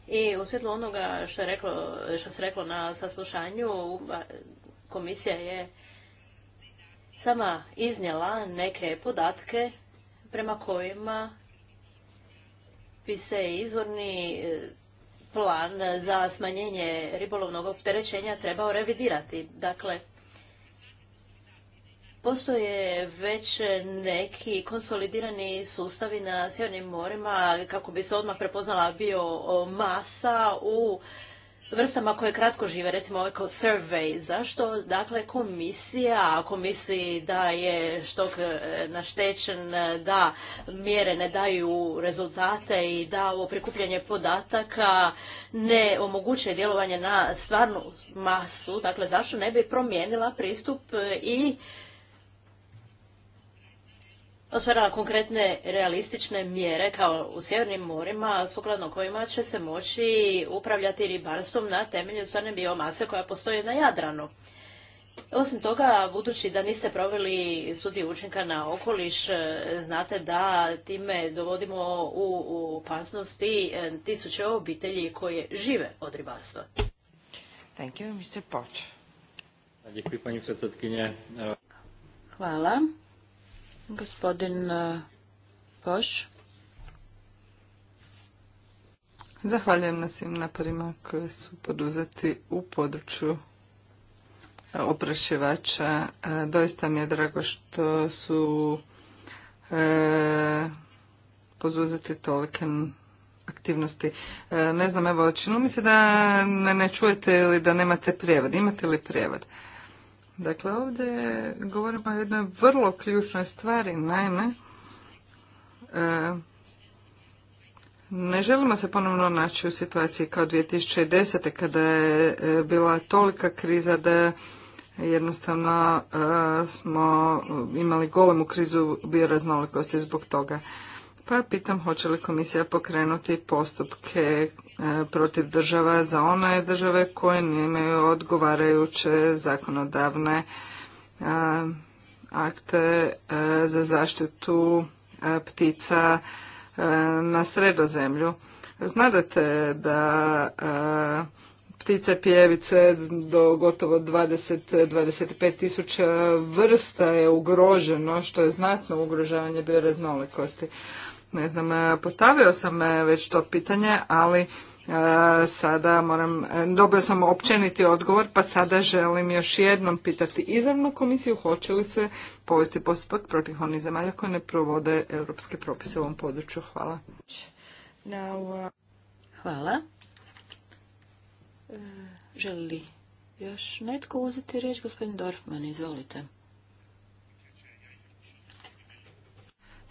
I u svjetlu onoga što, je reklo, što se reklo na saslušanju, komisija je sama iznijela neke podatke prema kojima bi se izvorni e, plan za smanjenje ribolovnog opterećenja trebao revidirati. Dakle, postoje već neki konsolidirani sustavi na sjevernim morima kako bi se odmah prepoznala bio masa u vrstama koje kratko žive, recimo ovaj survey, zašto dakle komisija, ako misli da je štok e, naštećen, e, da mjere ne daju rezultate i da ovo prikupljanje podataka ne omogućuje djelovanje na stvarnu masu, dakle zašto ne bi promijenila pristup i ostvarila konkretne realistične mjere kao u sjevernim morima sukladno kojima će se moći upravljati ribarstvom na temelju stvarne biomase koja postoji na Jadranu. Osim toga, budući da niste proveli studiju učinka na okoliš, e, znate da time dovodimo u opasnosti e, tisuće obitelji koje žive od ribarstva. Hvala. Gospodin Poš. E, Zahvaljujem na svim naporima koje su poduzeti u području e, oprašivača. E, doista mi je drago što su poduzeti tolike aktivnosti. ne znam, evo, čini mi se da me ne čujete ili da nemate prijevod. Imate li prijevod? Dakle, ovdje govorimo o jednoj vrlo ključnoj stvari, naime, e, ne želimo se ponovno naći u situaciji kao 2010. kada je e, bila tolika kriza da jednostavno e, smo imali golemu krizu bioraznolikosti zbog toga. Pa pitam hoće li komisija pokrenuti postupke E, protiv država za one države koje nemaju odgovarajuće zakonodavne e, akte e, za zaštitu ptica na sredozemlju. Znate da ptice pjevice do gotovo 20-25 tisuća vrsta je ugroženo, što je znatno ugrožavanje bioraznolikosti. Ne znam, e, postavio sam e, već to pitanje, ali e, sada moram, dobio sam općeniti odgovor, pa sada želim još jednom pitati izravnu komisiju hoće li se povesti postupak protiv onih zemalja koje ne provode europske propise u ovom području. Hvala. Uh, Hvala. Želi li još netko uzeti riječ? Gospodin Dorfman, izvolite.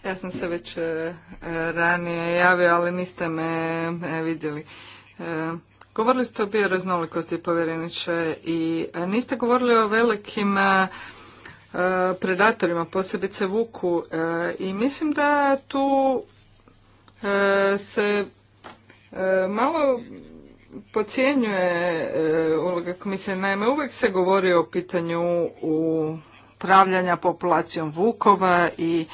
Ja sam se već e, ranije javio, ali niste me e, vidjeli. E, govorili ste o bioraznolikosti povjereniče i niste govorili o velikim predatorima, posebice vuku i mislim da tu se malo pocijenjuje uloga komisije. Naime, uvijek se govori o pitanju upravljanja populacijom vukova i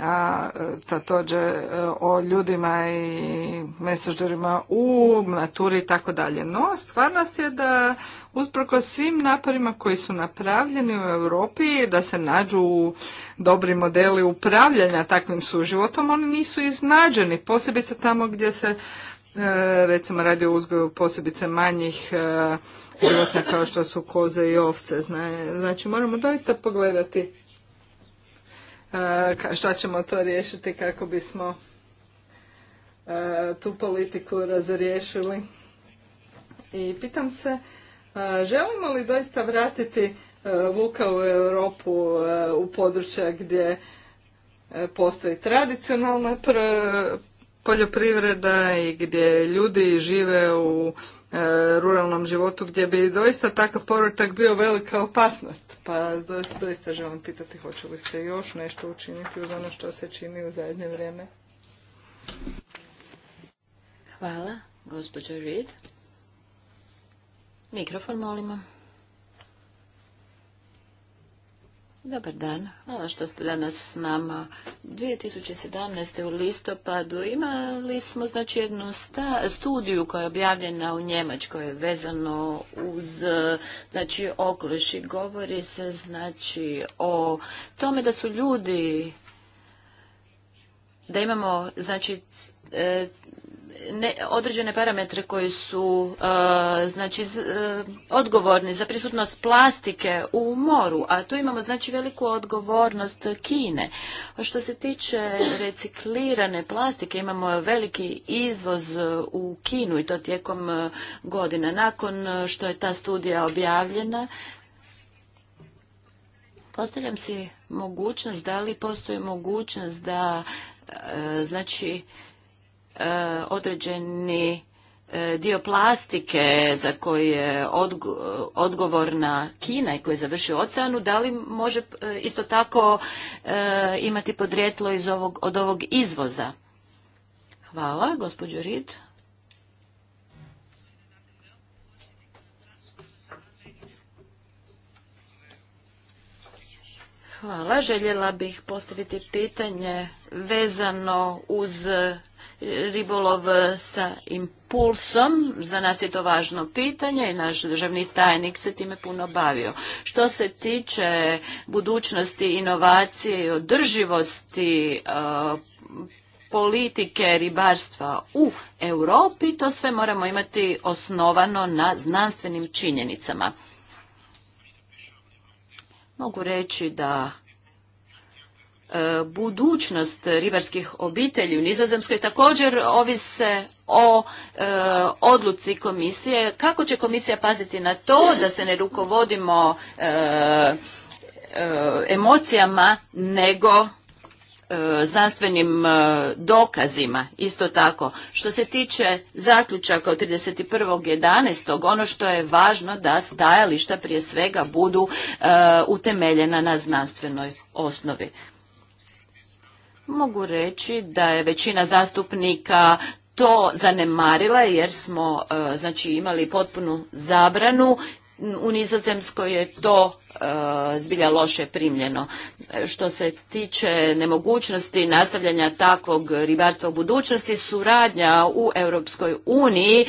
a e, također e, o ljudima i mesožderima u naturi i tako dalje. No, stvarnost je da usprko svim naporima koji su napravljeni u Europi da se nađu dobri modeli upravljanja takvim suživotom, oni nisu iznađeni, posebice tamo gdje se e, recimo radi o uzgoju posebice manjih životnja kao što su koze i ovce. Znači moramo doista pogledati E, šta ćemo to riješiti kako bismo e, tu politiku razriješili. I pitam se, e, želimo li doista vratiti Vuka u Europu u područja gdje postoji tradicionalna poljoprivreda i gdje ljudi žive u E, ruralnom životu gdje bi doista takav povratak bio velika opasnost. Pa doista želim pitati hoće li se još nešto učiniti uz ono što se čini u zadnje vrijeme. Hvala, gospođo Reed. Mikrofon molimo. Dobar dan. Hvala što ste danas s nama. 2017. u listopadu imali smo znači jednu studiju koja je objavljena u Njemačkoj vezano uz znači okoliš i govori se znači o tome da su ljudi da imamo znači e, određene parametre koji su e, znači e, odgovorni za prisutnost plastike u moru, a tu imamo znači, veliku odgovornost Kine. Što se tiče reciklirane plastike, imamo veliki izvoz u Kinu i to tijekom e, godina. Nakon što je ta studija objavljena, postavljam si mogućnost, da li postoji mogućnost da znači E, određeni e, dio plastike za koji je odgovorna Kina i koji je završio oceanu, da li može e, isto tako imati podrijetlo iz ovog, od ovog izvoza? Hvala, gospođo Rid. Hvala, željela bih postaviti pitanje vezano uz ribolov sa impulsom. Za nas je to važno pitanje i naš državni tajnik se time puno bavio. Što se tiče budućnosti, inovacije i održivosti eh, politike ribarstva u Europi, to sve moramo imati osnovano na znanstvenim činjenicama. Mogu reći da E, budućnost ribarskih obitelji u Nizozemskoj također ovise o e, odluci komisije. Kako će komisija paziti na to da se ne rukovodimo e, emocijama nego znanstvenim dokazima isto tako. Što se tiče zaključaka od 31.11. ono što je važno da stajališta prije svega budu utemeljena na znanstvenoj osnovi. Mogu reći da je većina zastupnika to zanemarila jer smo e, znači imali potpunu zabranu u Nizozemskoj je to e, zbilja loše primljeno. E, što se tiče nemogućnosti nastavljanja takvog ribarstva u budućnosti, suradnja u Europskoj uniji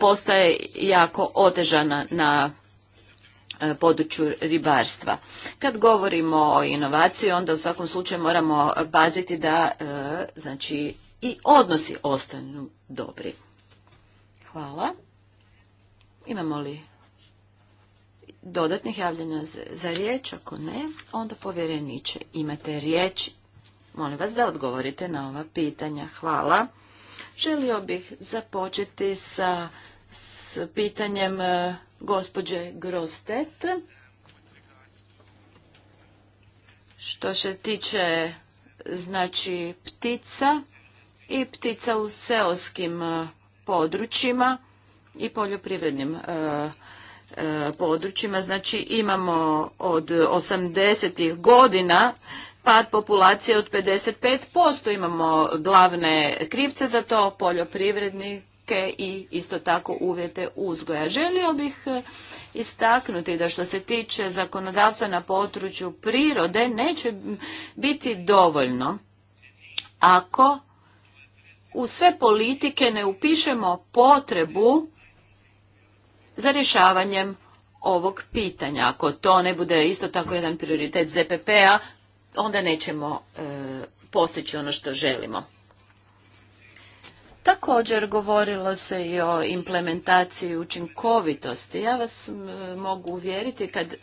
postaje jako otežana na E, području ribarstva. Kad govorimo o inovaciji, onda u svakom slučaju moramo paziti da e, znači, i odnosi ostanu dobri. Hvala. Imamo li dodatnih javljanja za, riječ? Ako ne, onda povjereniče imate riječ. Molim vas da odgovorite na ova pitanja. Hvala. Želio bih započeti sa pitanjem e, gospođe Grostet. Što se tiče znači ptica i ptica u seoskim e, područjima i poljoprivrednim e, e, područjima. Znači imamo od 80. godina pad populacije od 55%. Imamo glavne krivce za to, poljoprivredni i isto tako uvjete uzgoja. Želio bih eh, istaknuti da što se tiče zakonodavstva na području prirode neće biti dovoljno ako u sve politike ne upišemo potrebu za rješavanjem ovog pitanja. Ako to ne bude isto tako jedan prioritet ZPP-a, onda nećemo eh, postići ono što želimo. Također govorilo se i o implementaciji učinkovitosti. Ja vas mogu uvjeriti kad e,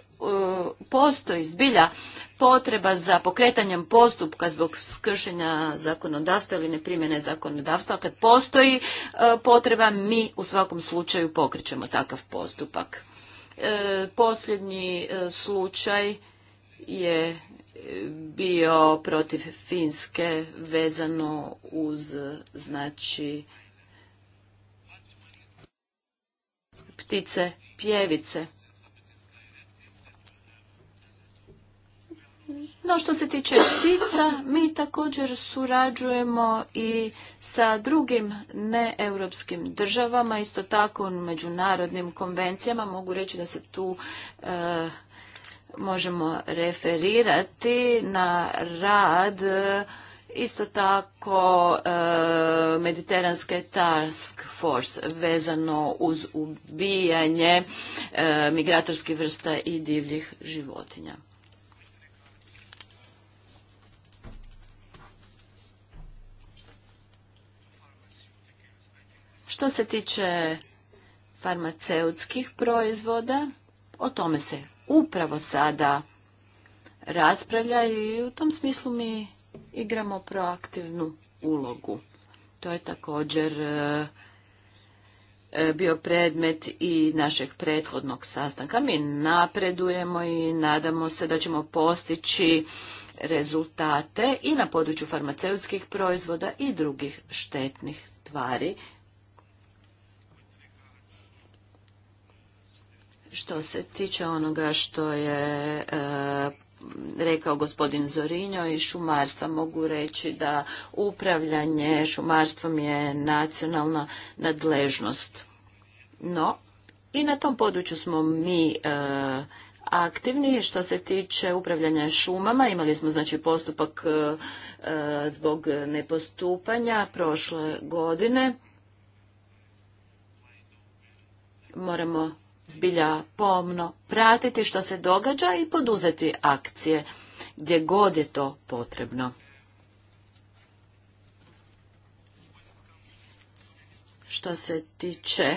postoji zbilja potreba za pokretanjem postupka zbog skršenja zakonodavstva ili neprimjene zakonodavstva. Kad postoji e, potreba, mi u svakom slučaju pokrećemo takav postupak. E, posljednji slučaj je bio protiv Finske vezano uz znači ptice pjevice. No što se tiče ptica, mi također surađujemo i sa drugim neeuropskim državama, isto tako međunarodnim konvencijama. Mogu reći da se tu eh, možemo referirati na rad e, isto tako e, mediteranske task force vezano uz ubijanje e, migratorskih vrsta i divljih životinja. Što se tiče farmaceutskih proizvoda, o tome se upravo sada raspravlja i u tom smislu mi igramo proaktivnu ulogu. To je također e, e, bio predmet i našeg prethodnog sastanka. Mi napredujemo i nadamo se da ćemo postići rezultate i na području farmaceutskih proizvoda i drugih štetnih stvari Što se tiče onoga što je e, rekao gospodin Zorinjo i šumarstva, mogu reći da upravljanje šumarstvom je nacionalna nadležnost. No, i na tom području smo mi e, aktivni što se tiče upravljanja šumama. Imali smo znači postupak e, zbog nepostupanja prošle godine. Moramo zbilja pomno pratiti što se događa i poduzeti akcije gdje god je to potrebno. Što se tiče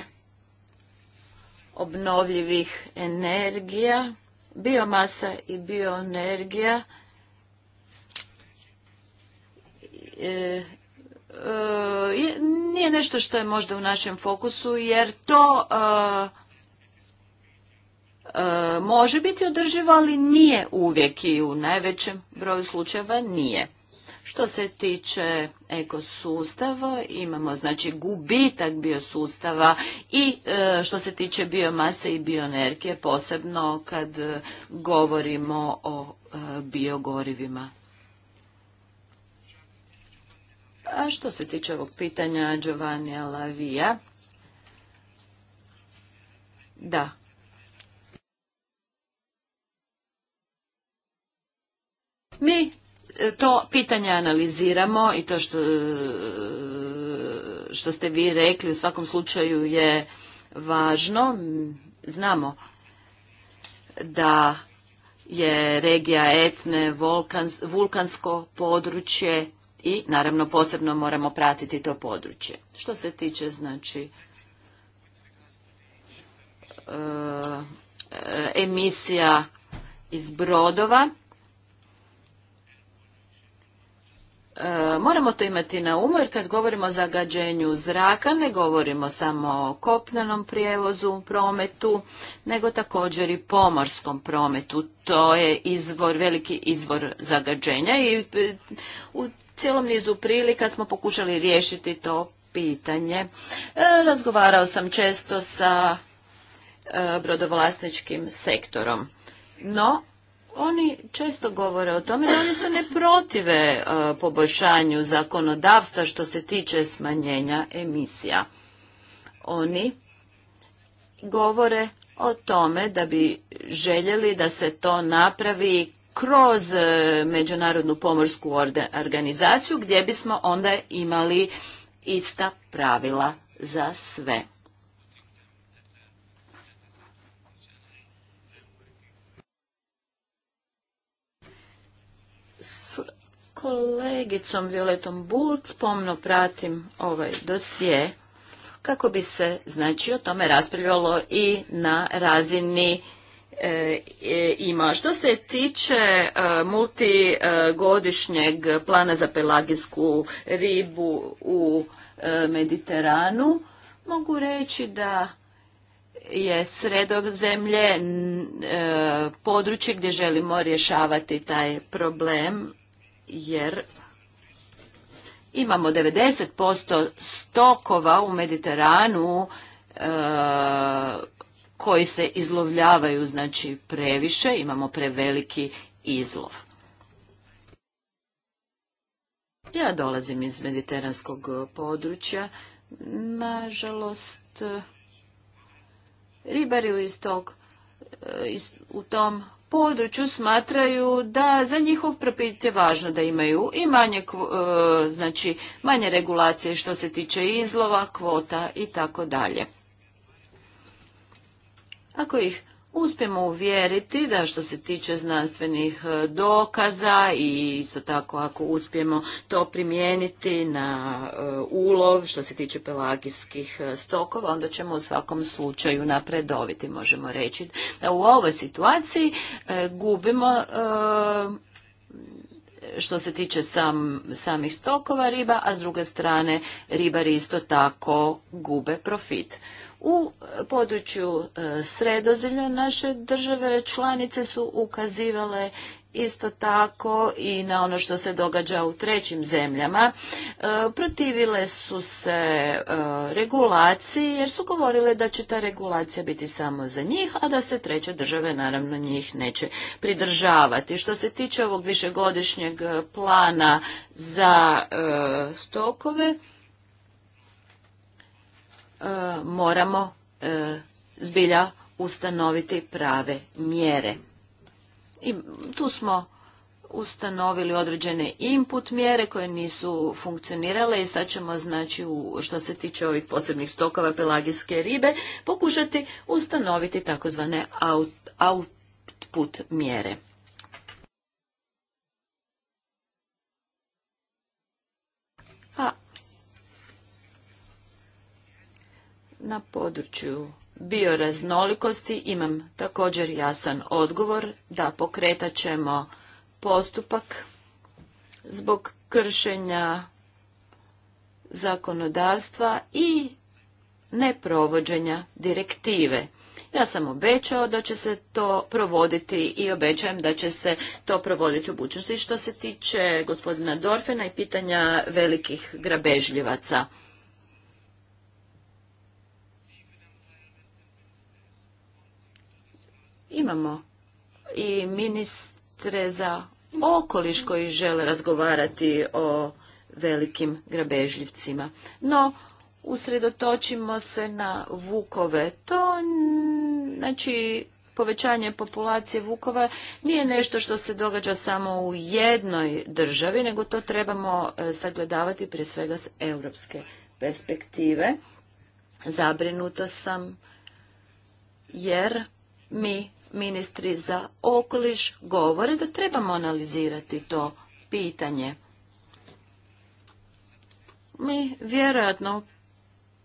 obnovljivih energija, biomasa i bioenergija e, e, nije nešto što je možda u našem fokusu jer to e, E, može biti održivo, ali nije uvijek i u najvećem broju slučajeva nije. Što se tiče ekosustava, imamo znači gubitak biosustava i e, što se tiče biomase i bioenergije, posebno kad govorimo o e, biogorivima. A što se tiče ovog pitanja Giovanni Lavija, da, Mi e, to pitanje analiziramo i to što, e, što ste vi rekli u svakom slučaju je važno. Znamo da je regija etne, vulkans, vulkansko područje i naravno posebno moramo pratiti to područje. Što se tiče znači e, emisija iz brodova, E, moramo to imati na umu jer kad govorimo o zagađenju zraka ne govorimo samo o kopnenom prijevozu, prometu, nego također i pomorskom prometu. To je izvor, veliki izvor zagađenja i e, u cijelom nizu prilika smo pokušali riješiti to pitanje. E, razgovarao sam često sa brodovlasničkim sektorom. No, oni često govore o tome da oni se ne protive e, poboljšanju zakonodavstva što se tiče smanjenja emisija. Oni govore o tome da bi željeli da se to napravi kroz e, Međunarodnu pomorsku organizaciju gdje bismo onda imali ista pravila za sve. kolegicom Violetom Bulc spomno pratim ovaj dosje kako bi se znači o tome raspravljalo i na razini e, e ima. Što se tiče e, multigodišnjeg e, plana za pelagijsku ribu u Mediteranu, mogu reći da je zemlje područje gdje želimo rješavati taj problem jer imamo 90% stokova u Mediteranu e, koji se izlovljavaju znači previše, imamo preveliki izlov. Ja dolazim iz mediteranskog područja. Nažalost, ribari iz tog, e, u tom području smatraju da za njihov profit je važno da imaju i manje, e, znači manje regulacije što se tiče izlova, kvota i tako dalje. Ako ih uspijemo uvjeriti da što se tiče znanstvenih e, dokaza i isto tako ako uspijemo to primijeniti na e, ulov što se tiče pelagijskih e, stokova, onda ćemo u svakom slučaju napredoviti, možemo reći. Da u ovoj situaciji gubimo što se tiče sam, samih stokova riba, a s druge strane ribari isto tako gube profit. U području e, sredozemlja naše države članice su ukazivale isto tako i na ono što se događa u trećim zemljama. E, protivile su se e, regulaciji jer su govorile da će ta regulacija biti samo za njih, a da se treće države naravno njih neće pridržavati. Što se tiče ovog višegodišnjeg plana za stokove, E, moramo e, zbilja ustanoviti prave mjere. I tu smo ustanovili određene input mjere koje nisu funkcionirale i sad ćemo znači u, što se tiče ovih posebnih stokova pelagijske ribe pokušati ustanoviti takozvane output mjere. A Na području bioraznolikosti imam također jasan odgovor da pokretat ćemo postupak zbog kršenja zakonodavstva i neprovođenja direktive. Ja sam obećao da će se to provoditi i obećajem da će se to provoditi u budućnosti. Što se tiče gospodina Dorfena i pitanja velikih grabežljivaca – imamo i ministre za okoliš koji žele razgovarati o velikim grabežljivcima. No, usredotočimo se na vukove. To, znači, povećanje populacije vukova nije nešto što se događa samo u jednoj državi, nego to trebamo e, sagledavati prije svega s europske perspektive. Zabrinuto sam jer mi ministri za okoliš govore da trebamo analizirati to pitanje. Mi vjerojatno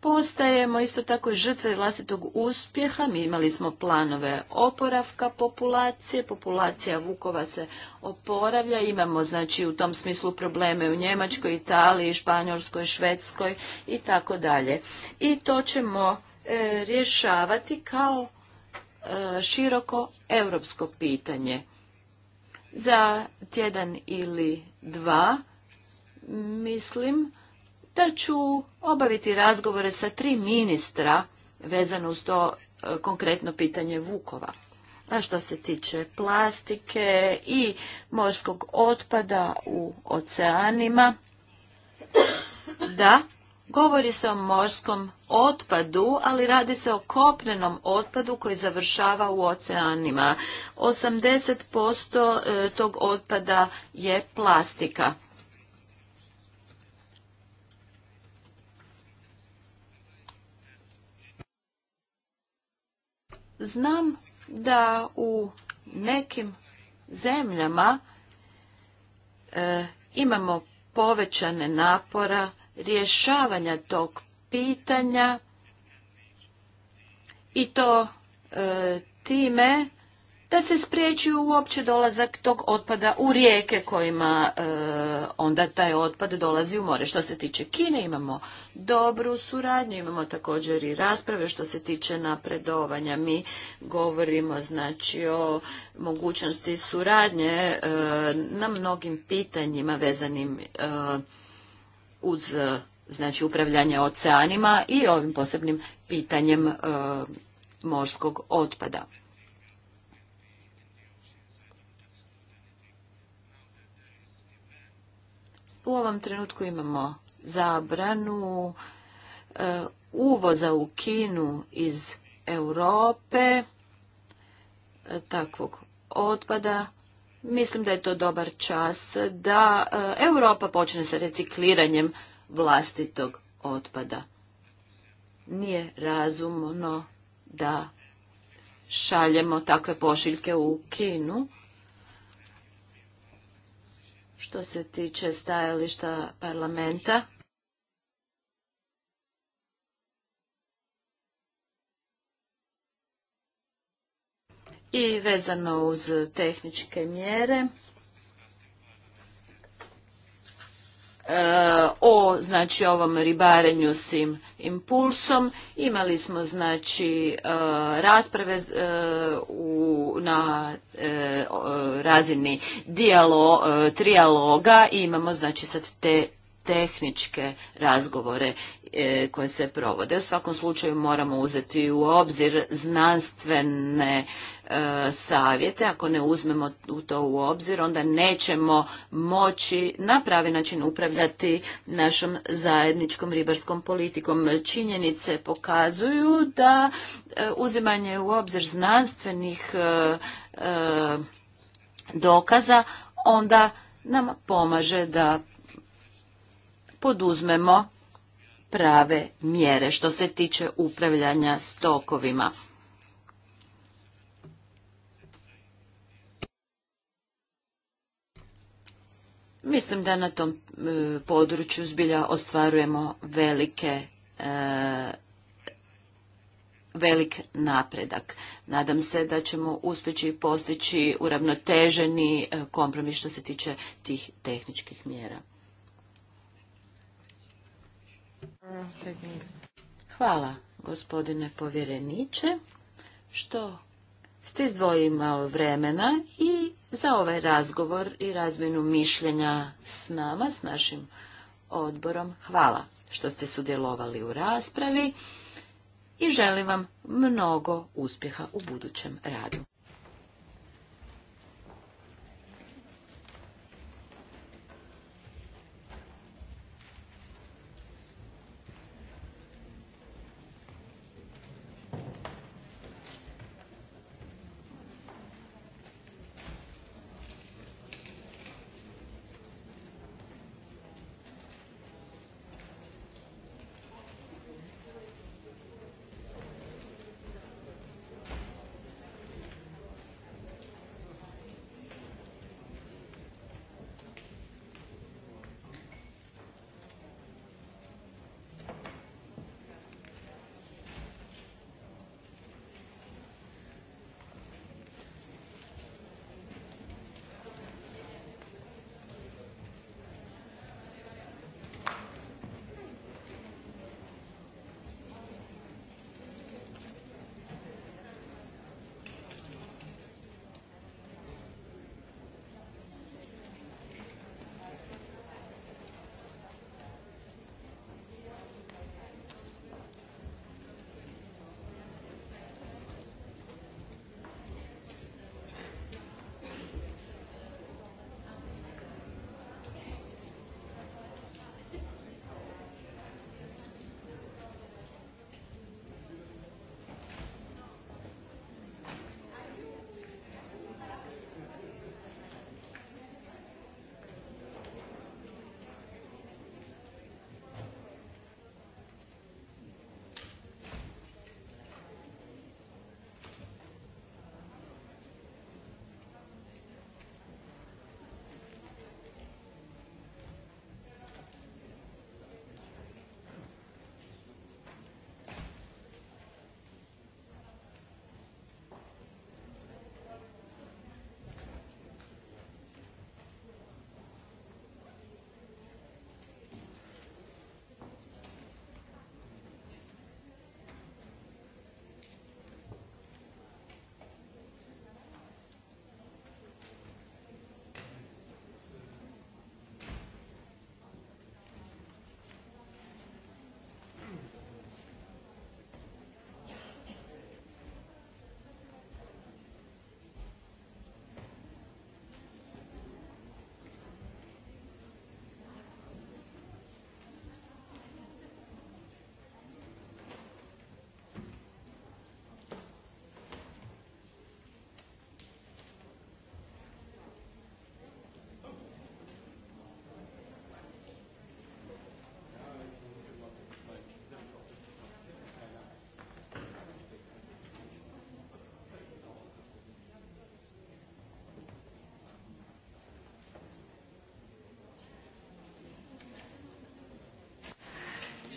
postajemo isto tako i žrtve vlastitog uspjeha. Mi imali smo planove oporavka populacije, populacija vukova se oporavlja, imamo znači u tom smislu probleme u Njemačkoj, Italiji, Španjolskoj, Švedskoj i tako dalje. I to ćemo e, rješavati kao E, široko europsko pitanje. Za tjedan ili dva mislim da ću obaviti razgovore sa tri ministra vezano uz to e, konkretno pitanje Vukova. A što se tiče plastike i morskog otpada u oceanima, da, Govori se o morskom otpadu, ali radi se o kopnenom otpadu koji završava u oceanima. 80% e, tog otpada je plastika. Znam da u nekim zemljama e, imamo povećane napora rješavanja tog pitanja i to e, time da se spriječi uopće dolazak tog otpada u rijeke kojima e, onda taj otpad dolazi u more. Što se tiče Kine imamo dobru suradnju, imamo također i rasprave što se tiče napredovanja. Mi govorimo znači o mogućnosti suradnje e, na mnogim pitanjima vezanim e, uz e, znači upravljanje oceanima i ovim posebnim pitanjem e, morskog otpada. U ovom trenutku imamo zabranu e, uvoza u Kinu iz Europe takvog otpada Mislim da je to dobar čas da e, Europa počne sa recikliranjem vlastitog otpada. Nije razumno da šaljemo takve pošiljke u Kinu. Što se tiče stajališta parlamenta, i vezano uz tehničke mjere e, o znači ovom ribarenju s impulsom. Imali smo znači e, rasprave e, u, na razini dijalo, trijaloga i imamo znači sad te tehničke razgovore E, koje se provode. U svakom slučaju moramo uzeti u obzir znanstvene e, savjete. Ako ne uzmemo to u obzir, onda nećemo moći na pravi način upravljati našom zajedničkom ribarskom politikom. Činjenice pokazuju da e, uzimanje u obzir znanstvenih dokaza onda nam pomaže da poduzmemo prave mjere što se tiče upravljanja stokovima. Mislim da na tom e, području zbilja ostvarujemo velike e, velik napredak. Nadam se da ćemo uspjeći postići uravnoteženi e, kompromis što se tiče tih tehničkih mjera. Hvala, gospodine povjereniče, što ste izdvojili malo vremena i za ovaj razgovor i razmjenu mišljenja s nama, s našim odborom. Hvala što ste sudjelovali u raspravi i želim vam mnogo uspjeha u budućem radu.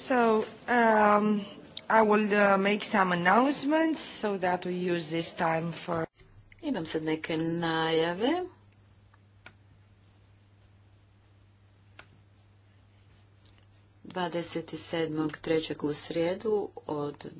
So um, I will uh, make some announcements so that we use this time for... Imam sad neke najave. 27.3. u srijedu od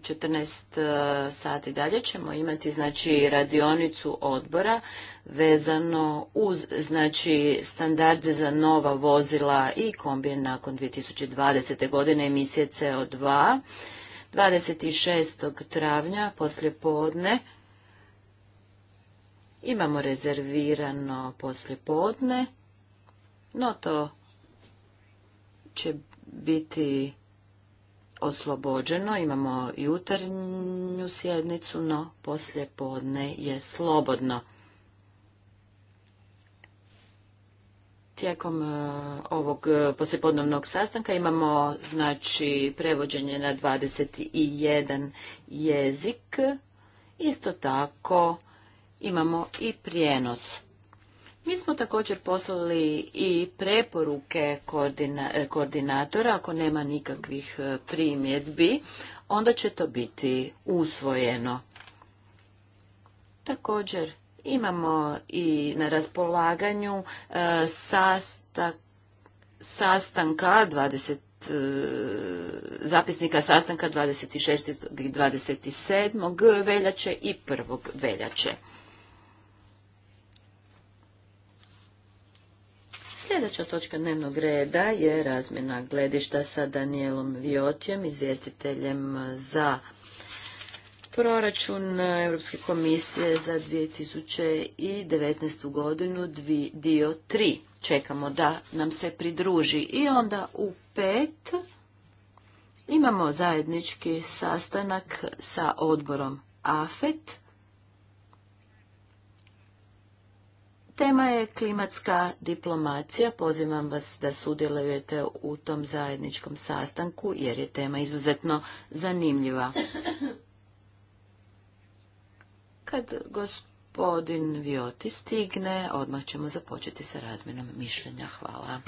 14 e, sati dalje ćemo imati znači radionicu odbora vezano uz znači standarde za nova vozila i kombije nakon 2020. godine emisije CO2 26. travnja poslje podne imamo rezervirano poslje podne no to će biti oslobođeno, imamo jutarnju sjednicu, no poslije podne je slobodno. Tijekom e, ovog e, poslijepodnevnog sastanka imamo znači prevođenje na 21 jezik. Isto tako imamo i prijenos. Mi smo također poslali i preporuke koordinatora, ako nema nikakvih e, primjedbi, onda će to biti usvojeno. Također imamo i na raspolaganju e, sastanka 20 e, zapisnika sastanka 26. i 27. veljače i 1. veljače. Sljedeća točka dnevnog reda je razmjena gledišta sa Danielom Viotijom, izvjestiteljem za proračun Europske komisije za 2019. godinu dio 3. Čekamo da nam se pridruži i onda u pet imamo zajednički sastanak sa odborom AFET Tema je klimatska diplomacija. Pozivam vas da sudjelujete u tom zajedničkom sastanku jer je tema izuzetno zanimljiva. Kad gospodin Vioti stigne, odmah ćemo započeti sa razmjenom mišljenja. Hvala.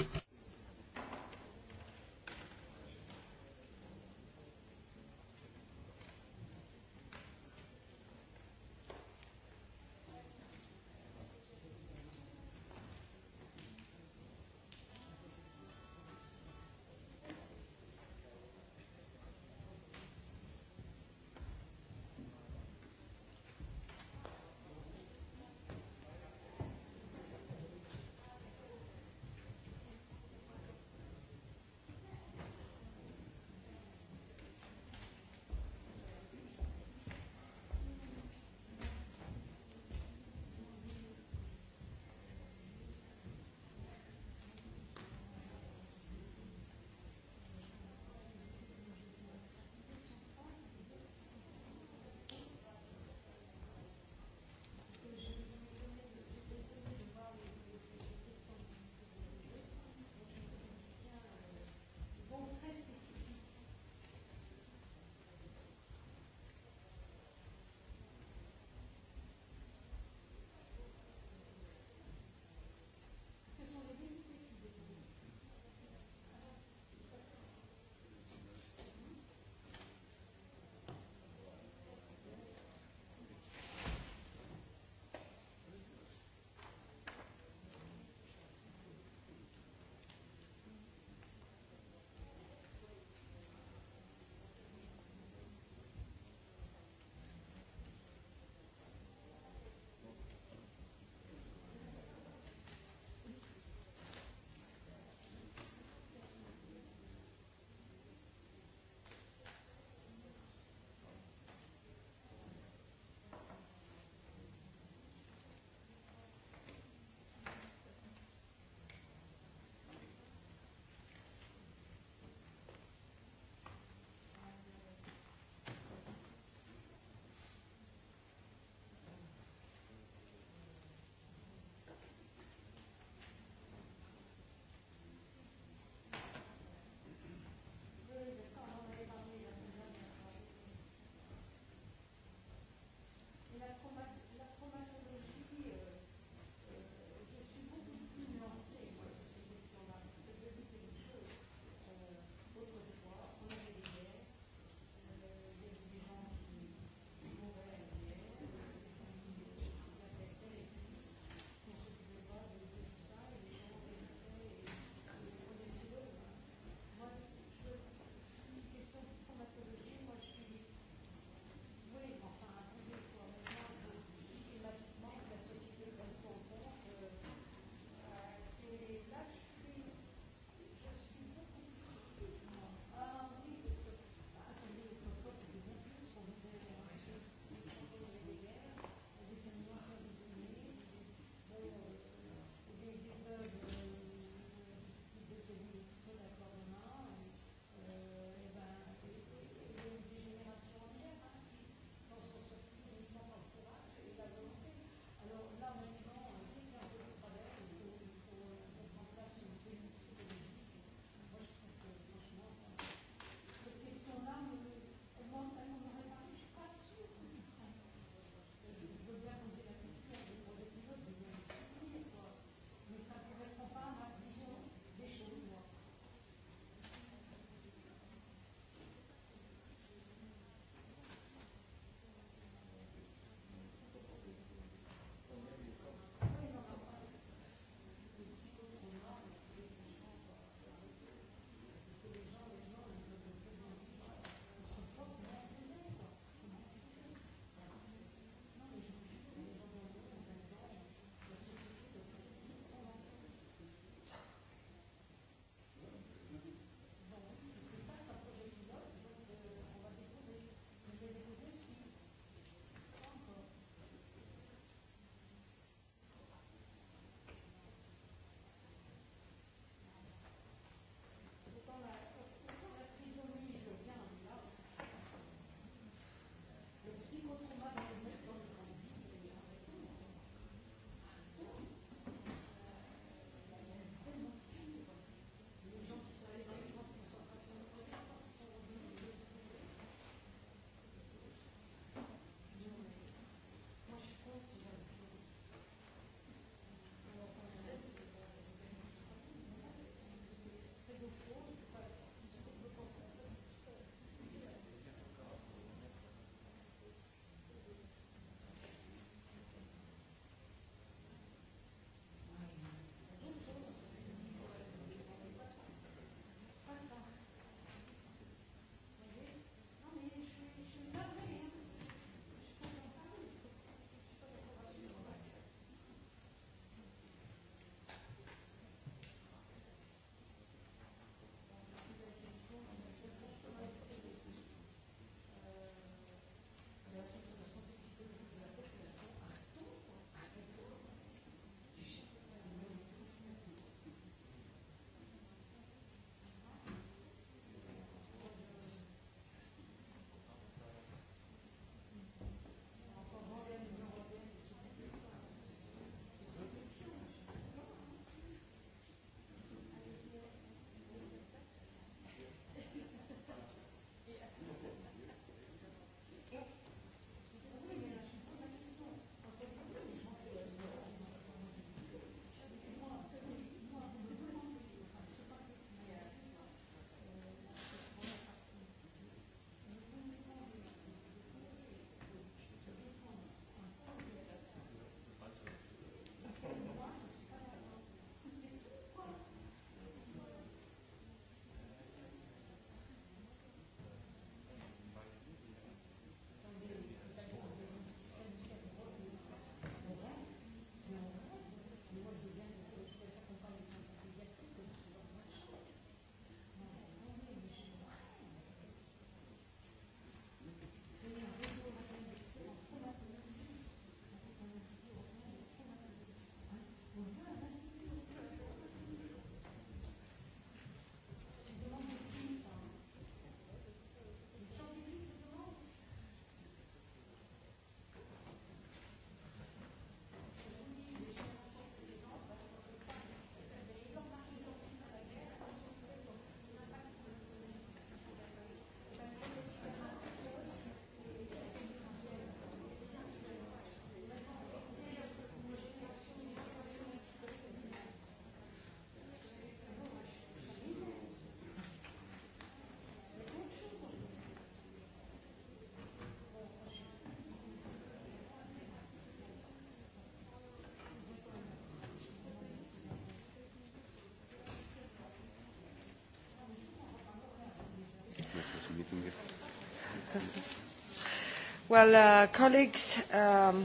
well, uh,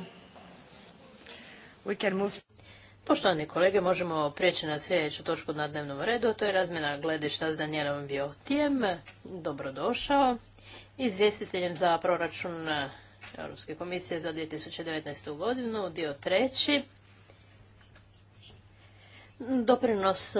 um, Poštovani kolege, možemo prijeći na sljedeću točku na dnevnom redu, to je razmjena gledišta s Danijelom Viotijem. Dobrodošao. Izvjestiteljem za proračun Europske komisije za 2019. godinu, dio treći. Doprinos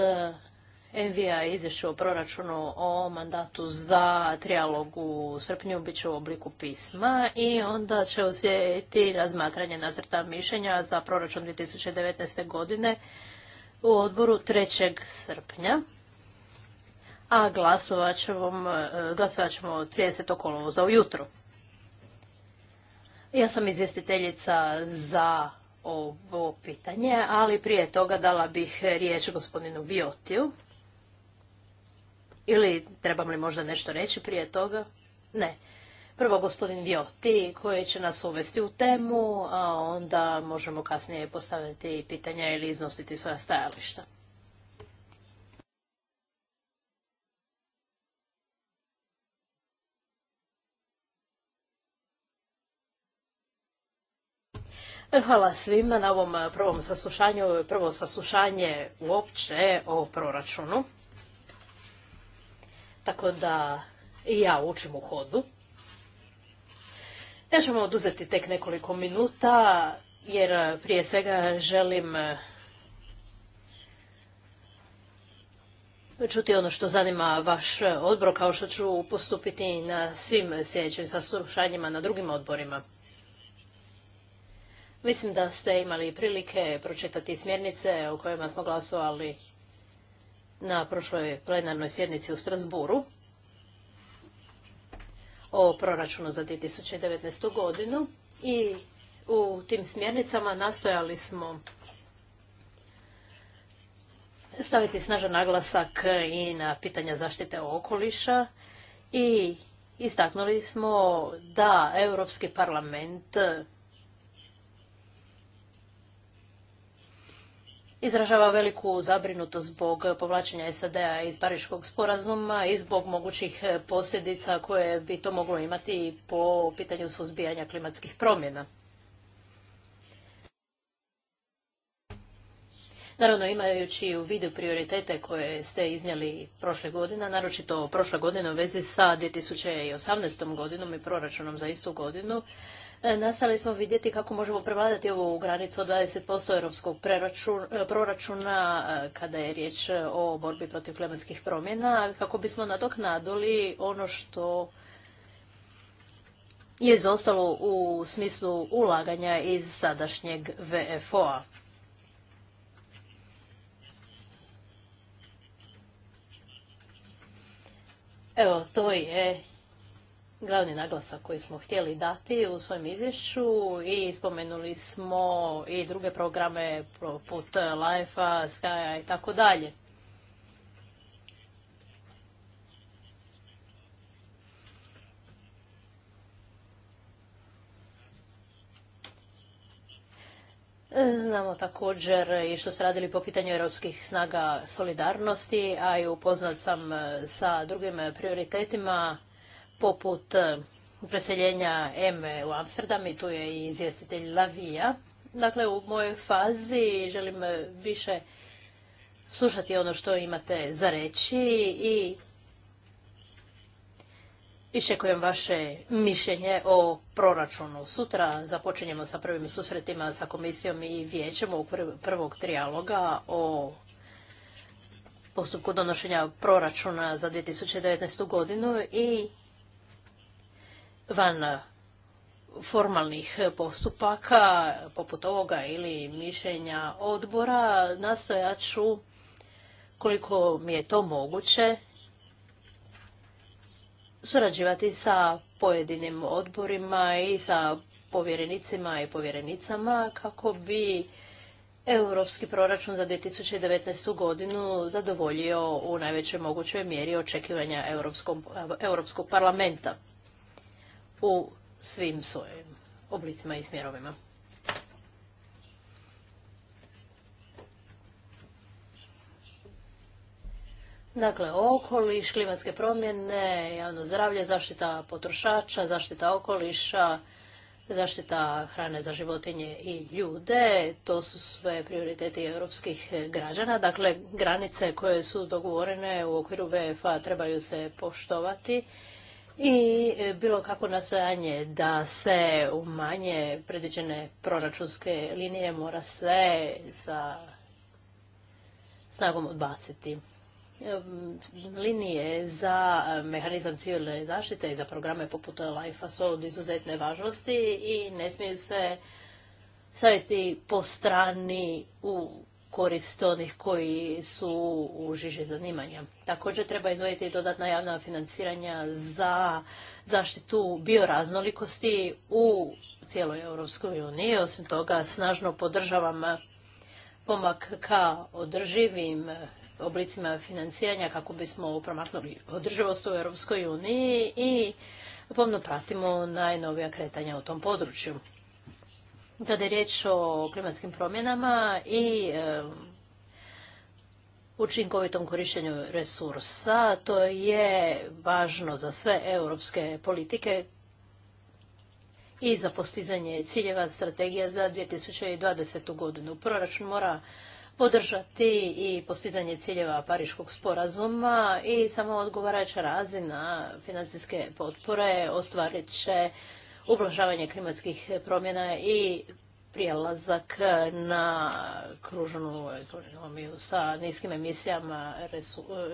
Envija izvješće o proračunu o mandatu za trijalog u srpnju bit će u obliku pisma i onda će uslijediti razmatranje nacrta mišljenja za proračun 2019. godine u odboru 3. srpnja. A glasovat ćemo, 30. E, 30. kolovoza ujutro. Ja sam izvjestiteljica za ovo pitanje, ali prije toga dala bih riječ gospodinu Biotiju. Ili trebam li možda nešto reći prije toga? Ne. Prvo gospodin Vjoti koji će nas uvesti u temu, a onda možemo kasnije postaviti pitanja ili iznositi svoja stajališta. Hvala svima na ovom prvom saslušanju. Prvo saslušanje uopće o proračunu tako da i ja učim u hodu. Ja ću oduzeti tek nekoliko minuta, jer prije svega želim eh, čuti ono što zanima vaš odbor, kao što ću postupiti na svim sljedećim saslušanjima na drugim odborima. Mislim da ste imali prilike pročitati smjernice o kojima smo glasovali na prošloj plenarnoj sjednici u Strasburu o proračunu za 2019. godinu i u tim smjernicama nastojali smo staviti snažan naglasak i na pitanja zaštite okoliša i istaknuli smo da Europski parlament izražava veliku zabrinutost zbog povlačenja SAD-a iz Pariškog sporazuma i zbog mogućih posljedica koje bi to moglo imati po pitanju suzbijanja klimatskih promjena. Naravno, imajući u vidu prioritete koje ste iznijeli prošle godine, naročito prošle godine u vezi sa 2018. godinom i proračunom za istu godinu, E, nastali smo vidjeti kako možemo prevladati ovu granicu od 20% europskog e, proračuna e, kada je riječ o borbi protiv klimatskih promjena, kako bismo nadoknadili ono što je izostalo u smislu ulaganja iz sadašnjeg VFO-a. Evo, to je glavni naglasak koji smo htjeli dati u svojem izvješću i spomenuli smo i druge programe poput Life-a, sky i tako dalje. Znamo također i što ste radili po pitanju europskih snaga solidarnosti, a i upoznat sam sa drugim prioritetima poput e, preseljenja Eme u Amsterdam i tu je i izvjestitelj Lavija. Dakle, u mojoj fazi želim e, više slušati ono što imate za reći i Iščekujem vaše mišljenje o proračunu. Sutra započinjemo sa prvim susretima sa komisijom i vijećem u prvog trijaloga o postupku donošenja proračuna za 2019. godinu i van eh, formalnih postupaka, poput ovoga ili mišljenja odbora, nastojat ću koliko mi je to moguće surađivati sa pojedinim odborima i sa povjerenicima i povjerenicama kako bi europski proračun za 2019. godinu zadovoljio u najvećoj mogućoj mjeri očekivanja Europskog parlamenta u svim svojim oblicima i smjerovima. Dakle, okoliš, klimatske promjene, javno zdravlje, zaštita potrošača, zaštita okoliša, zaštita hrane za životinje i ljude. To su sve prioriteti europskih građana. Dakle, granice koje su dogovorene u okviru VFA trebaju se poštovati i e, bilo kako nastojanje da se umanje predviđene proračunske linije mora se sa snagom odbaciti. E, linije za mehanizam civilne zaštite i za programe poput Life-a su od izuzetne važnosti i ne smiju se staviti po strani u korist onih koji su u žiži zanimanja. Također treba izvojiti dodatna javna financiranja za zaštitu bioraznolikosti u cijeloj Europskoj uniji. Osim toga, snažno podržavam pomak ka održivim oblicima financiranja kako bismo promaknuli održivost u Europskoj uniji i pomno pratimo najnovija kretanja u tom području kada je riječ o klimatskim promjenama i učinkovitom korištenju resursa. To je važno za sve europske politike i za postizanje ciljeva strategija za 2020. godinu. Proračun mora podržati i postizanje ciljeva Pariškog sporazuma i samo odgovarajuća razina financijske potpore ostvarit će ublažavanje klimatskih promjena i prijelazak na kružnu ekonomiju sa niskim emisijama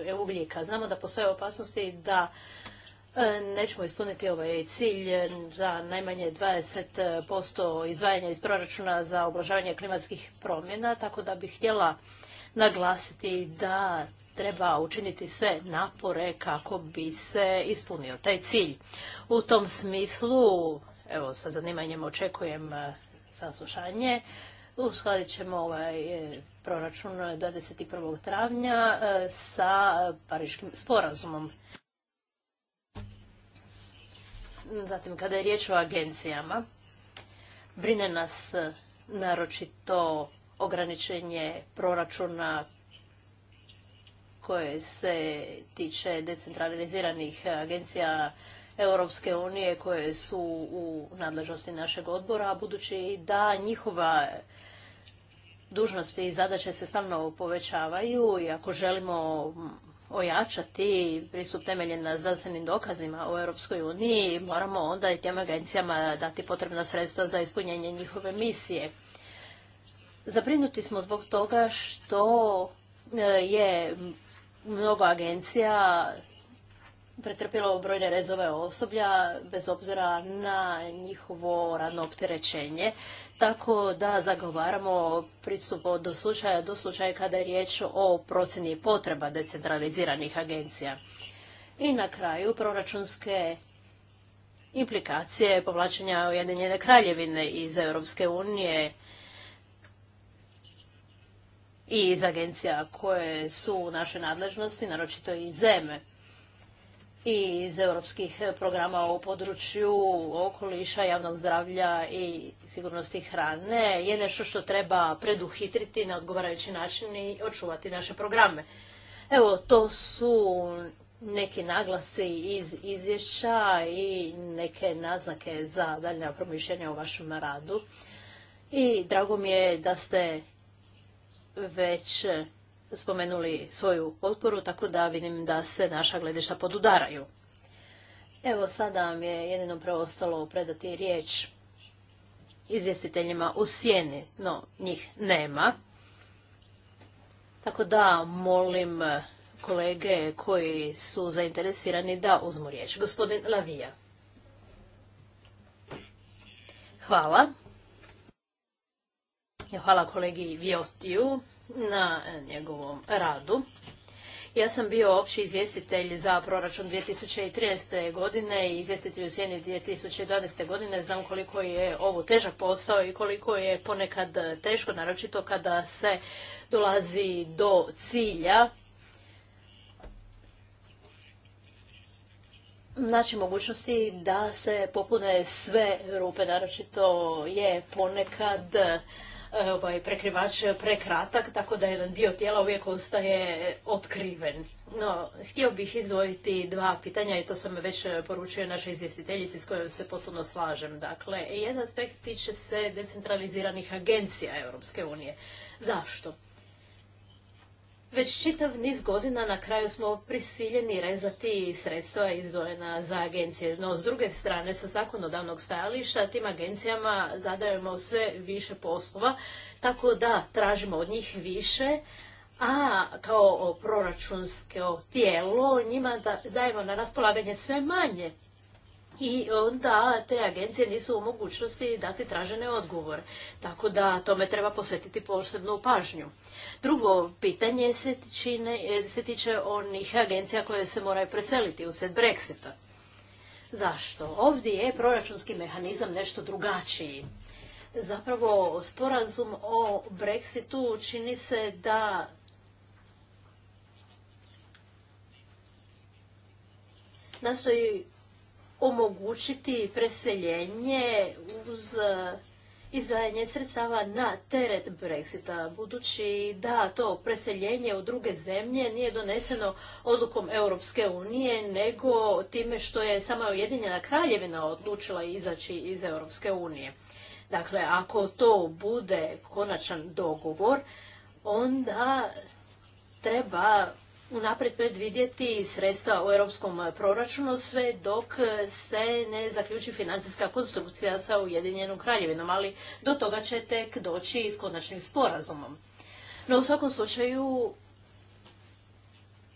e, ugljika. Znamo da postoje opasnosti da e, nećemo ispuniti ovaj cilj za najmanje 20% izvajanja iz proračuna za ublažavanje klimatskih promjena, tako da bih htjela naglasiti da treba učiniti sve napore kako bi se ispunio taj cilj. U tom smislu, evo sa zanimanjem očekujem e, saslušanje, uskladit ćemo ovaj e, proračun 21. travnja e, sa Pariškim sporazumom. Zatim, kada je riječ o agencijama, brine nas naročito ograničenje proračuna koje se tiče decentraliziranih agencija Europske unije koje su u nadležnosti našeg odbora, budući da njihova dužnosti i zadaće se stalno povećavaju i ako želimo ojačati pristup temeljen na znanstvenim dokazima u Europskoj uniji, moramo onda i tim agencijama dati potrebna sredstva za ispunjenje njihove misije. Zabrinuti smo zbog toga što e, je mnogo agencija pretrpjelo brojne rezove osoblja bez obzira na njihovo radno opterećenje. Tako da zagovaramo pristup od slučaja do slučaja kada je riječ o procjeni potreba decentraliziranih agencija. I na kraju proračunske implikacije povlačenja Ujedinjene kraljevine iz Europske unije i iz agencija koje su u našoj nadležnosti, naročito i zeme i iz europskih programa u području okoliša, javnog zdravlja i sigurnosti hrane je nešto što treba preduhitriti na odgovarajući način i očuvati naše programe. Evo, to su neki naglasi iz izvješća i neke naznake za daljnja promišljanja o vašem radu. I drago mi je da ste već spomenuli svoju potporu, tako da vidim da se naša gledišta podudaraju. Evo, sada vam je jedino preostalo predati riječ izvjestiteljima u sjeni, no njih nema. Tako da molim kolege koji su zainteresirani da uzmu riječ. Gospodin Lavija. Hvala. Hvala kolegi Viotiju na njegovom radu. Ja sam bio opći izvjestitelj za proračun 2013. godine i izvjestitelj u sjeni 2012 godine. Znam koliko je ovo težak posao i koliko je ponekad teško, naročito kada se dolazi do cilja. Znači mogućnosti da se popune sve rupe, naročito je ponekad Eh, ovaj prekrivač prekratak, tako da jedan dio tijela uvijek ostaje otkriven. No, htio bih izdvojiti dva pitanja i to sam već eh, poručio našoj izvjestiteljici s kojom se potpuno slažem. Dakle, jedan aspekt tiče se decentraliziranih agencija Europske unije. Zašto? Već čitav niz godina na kraju smo prisiljeni rezati sredstva izdvojena za agencije. No, s druge strane, sa zakonodavnog stajališta tim agencijama zadajemo sve više poslova, tako da tražimo od njih više, a kao proračunsko tijelo njima dajemo na raspolaganje sve manje. I onda te agencije nisu u mogućnosti dati tražene odgovore. Tako da tome treba posvetiti posebnu pažnju. Drugo pitanje se, se tiče onih agencija koje se moraju preseliti usred Brexita. Zašto? Ovdje je proračunski mehanizam nešto drugačiji. Zapravo, sporazum o Brexitu čini se da nastoji omogućiti preseljenje uz izdvajanje sredstava na teret Brexita, budući da to preseljenje u druge zemlje nije doneseno odlukom Europske unije, nego time što je sama Ujedinjena kraljevina odlučila izaći iz Europske unije. Dakle, ako to bude konačan dogovor, onda treba unaprijed predvidjeti sredstva u europskom proračunu sve dok se ne zaključi financijska konstrukcija sa Ujedinjenom kraljevinom, ali do toga će tek doći s konačnim sporazumom. No u svakom slučaju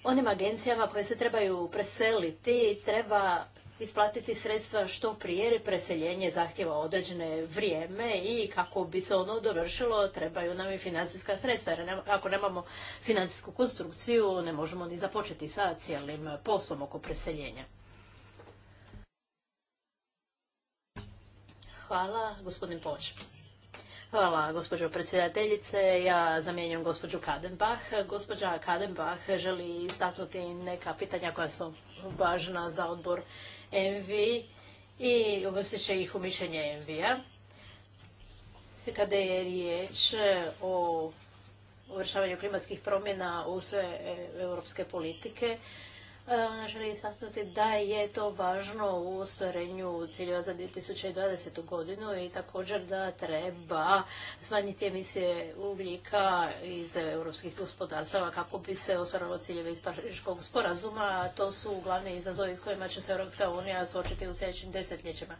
onim agencijama koje se trebaju preseliti treba isplatiti sredstva što prije jer preseljenje zahtjeva određene vrijeme i kako bi se ono dovršilo trebaju nam i financijska sredstva jer ako nemamo financijsku konstrukciju ne možemo ni započeti sa cijelim poslom oko preseljenja. Hvala, gospodin Poč. Hvala, gospođo predsjedateljice. Ja zamjenjujem gospođu Kadenbach. Gospođa Kadenbach želi istaknuti neka pitanja koja su važna za odbor Envi i uvrstit će ih u mišljenje Envy-a. Kada je riječ eh, o uvršavanju klimatskih promjena u sve eh, europske politike, ona e, želi istaknuti da je to važno u ostvarenju ciljeva za 2020. godinu i također da treba smanjiti emisije ugljika iz europskih gospodarstava kako bi se ostvarilo ciljeve iz Pariškog sporazuma. A to su glavni izazovi s kojima će se Europska unija suočiti u sljedećim desetljećima.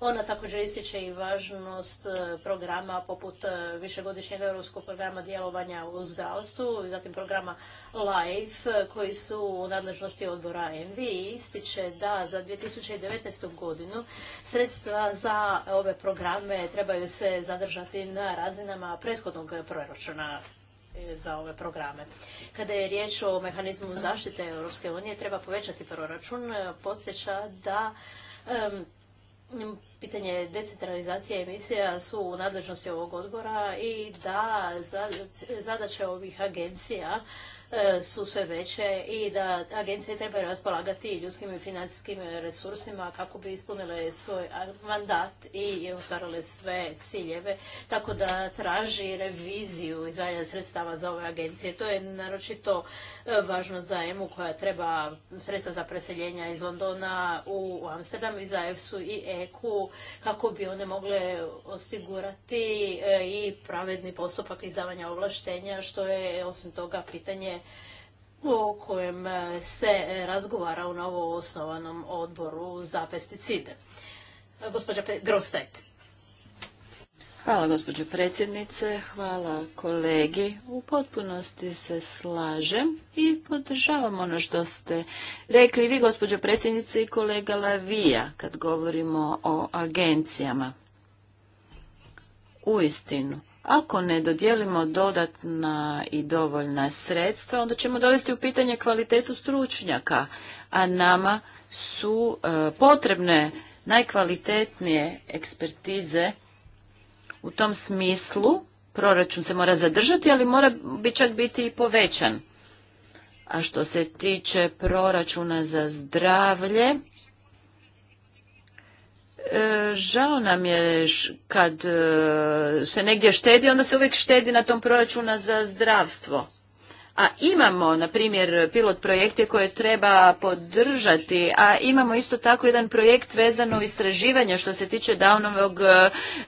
Ona također ističe i važnost e, programa poput e, višegodišnjeg europskog programa djelovanja u zdravstvu, zatim programa LIFE koji su u nadležnosti odbora ENVI ističe da za 2019. godinu sredstva za ove programe trebaju se zadržati na razinama prethodnog proračuna e, za ove programe. Kada je riječ o mehanizmu zaštite Europske unije, treba povećati proračun. Podsjeća da pitanje decentralizacije emisija su u nadležnosti ovog odbora i da zadaće ovih agencija e, su sve veće i da agencije trebaju raspolagati ljudskim i financijskim resursima kako bi ispunile svoj mandat i ostvarile sve ciljeve, tako da traži reviziju izvajanja sredstava za ove agencije. To je naročito e, važno za EMU koja treba sredstva za preseljenja iz Londona u Amsterdam i za EFSU i EKU kako bi one mogle osigurati e, i pravedni postupak izdavanja ovlaštenja, što je osim toga pitanje o kojem e, se razgovara u novo osnovanom odboru za pesticide. E, gospođa Grostet. Hvala gospođo predsjednice, hvala kolegi. U potpunosti se slažem i podržavam ono što ste rekli vi gospođo predsjednice i kolega Lavija kad govorimo o agencijama. Uistinu, ako ne dodijelimo dodatna i dovoljna sredstva, onda ćemo dovesti u pitanje kvalitetu stručnjaka, a nama su e, potrebne najkvalitetnije ekspertize u tom smislu proračun se mora zadržati, ali mora bi čak biti i povećan. A što se tiče proračuna za zdravlje, e, žao nam je kad e, se negdje štedi, onda se uvijek štedi na tom proračuna za zdravstvo a imamo, na primjer, pilot projekte koje treba podržati, a imamo isto tako jedan projekt vezano istraživanja što se tiče Downovog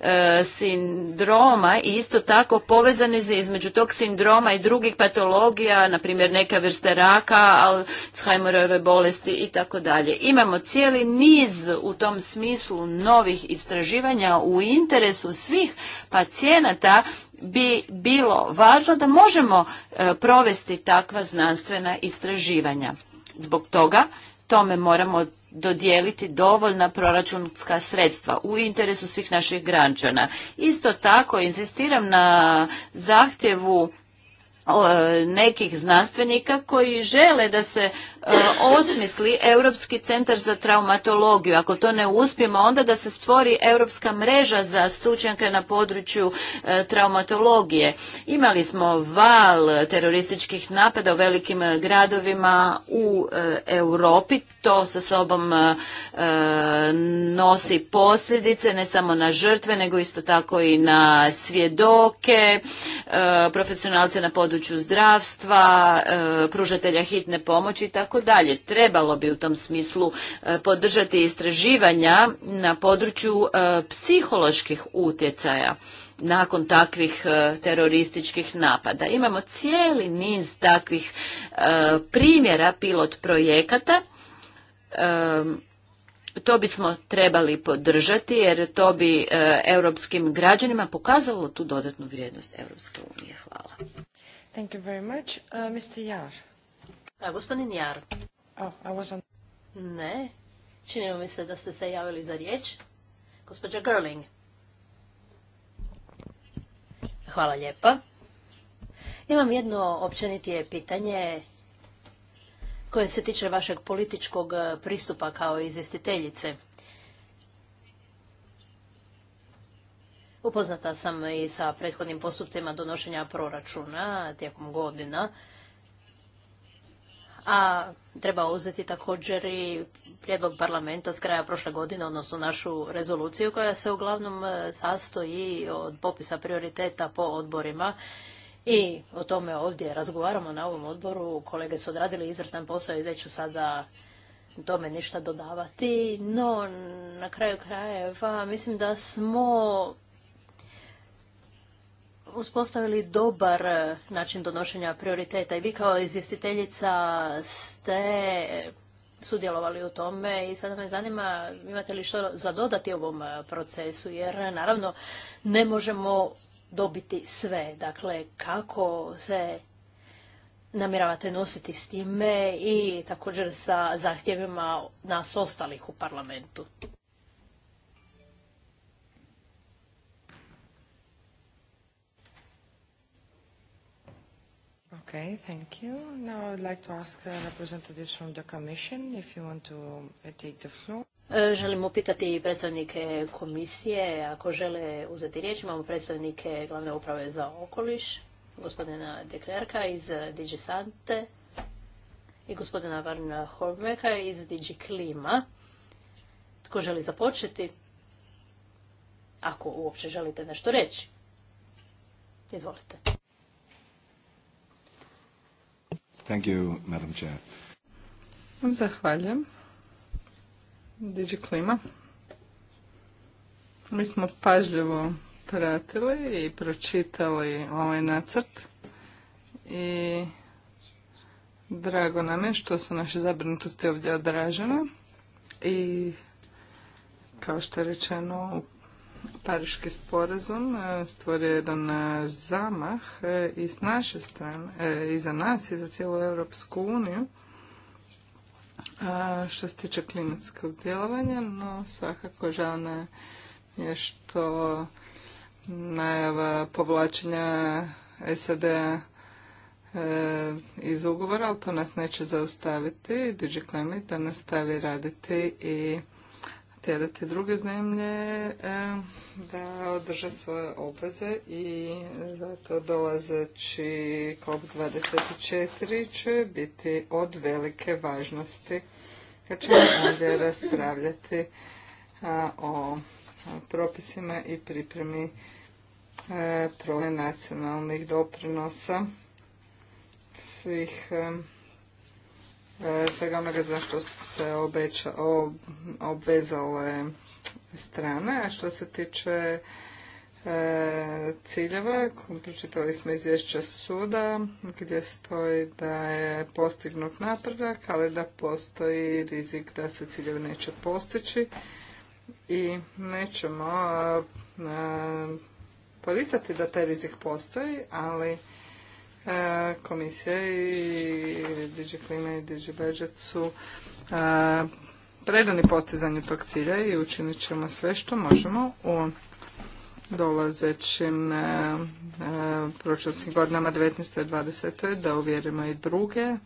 e, sindroma i isto tako povezani između tog sindroma i drugih patologija, na primjer neka vrste raka, Alzheimerove bolesti i tako dalje. Imamo cijeli niz u tom smislu novih istraživanja u interesu svih pacijenata bi bilo važno da možemo e, provesti takva znanstvena istraživanja. Zbog toga tome moramo dodijeliti dovoljna proračunska sredstva u interesu svih naših građana. Isto tako insistiram na zahtjevu nekih znanstvenika koji žele da se E, osmisli Europski centar za traumatologiju. Ako to ne uspijemo, onda da se stvori Europska mreža za stručnjake na području e, traumatologije. Imali smo val terorističkih napada u velikim e, gradovima u Europi. To sa sobom nosi posljedice, ne samo na žrtve, nego isto tako i na svjedoke, profesionalce na području zdravstva, pružatelja hitne pomoći i tako dalje. Trebalo bi u tom smislu e, podržati istraživanja na području e, psiholoških utjecaja nakon takvih e, terorističkih napada. Imamo cijeli niz takvih primjera pilot projekata. to bismo trebali podržati jer to bi europskim građanima pokazalo tu dodatnu vrijednost Europske unije. Hvala. Thank you very much. Uh, Mr. Jar. A, gospodin Jar. Oh, ne. Činilo mi se da ste se javili za riječ. Gospođa Gerling. Hvala lijepa. Imam jedno općenitije pitanje koje se tiče vašeg političkog e, pristupa kao izvjestiteljice. Upoznata sam i sa prethodnim postupcima donošenja proračuna tijekom godina a treba uzeti također i prijedlog parlamenta s kraja prošle godine, odnosno našu rezoluciju koja se uglavnom e, sastoji od popisa prioriteta po odborima i o tome ovdje razgovaramo na ovom odboru. Kolege su odradili izvrstan posao i neću sada tome ništa dodavati, no na kraju krajeva mislim da smo uspostavili dobar e, način donošenja prioriteta i vi kao izvjestiteljica ste sudjelovali u tome i sada me zanima imate li što za dodati ovom e, procesu jer e, naravno ne možemo dobiti sve. Dakle, kako se namjeravate nositi s time i također sa zahtjevima nas ostalih u parlamentu. Okay, thank you. Now I like to ask representatives from the Commission if you want to uh, take the floor. E, Želimo pitati predstavnike komisije, ako žele uzeti riječ, imamo predstavnike glavne uprave za okoliš, gospodina Deklerka iz DG Sante i gospodina Varna Holmeka iz DG Klima. Tko želi započeti? Ako uopće želite nešto reći. Izvolite. Thank you, Madam Chair. Zahvaljujem. Diđi Klima. Mi smo pažljivo pratili i pročitali ovaj nacrt i drago nam je što su naše zabrinutosti ovdje odražene i kao što je rečeno u Pariški sporazum e, stvorio jedan e, zamah e, i s naše strane, i za nas, i za cijelu Europsku uniju što se tiče klimatskog djelovanja, no svakako žalno je što najava povlačenja sad iz ugovora, ali to nas neće zaustaviti. Digi Climate da nastavi raditi i tereti druge zemlje e, da održe svoje obveze i zato dolazeći COP24 će biti od velike važnosti kad ćemo ovdje raspravljati o propisima i pripremi e, prole nacionalnih doprinosa svih e, E, svega onoga za što se obeća, obvezale strane. A što se tiče e, ciljeva, pročitali smo izvješće suda gdje stoji da je postignut napredak, ali da postoji rizik da se ciljevi neće postići i nećemo e, poricati da taj rizik postoji, ali komisija i Digi Klima i Digi Budget su predani postizanju tog cilja i učinit ćemo sve što možemo u dolazećim pročasnim godinama 19. i 20. da uvjerimo i druge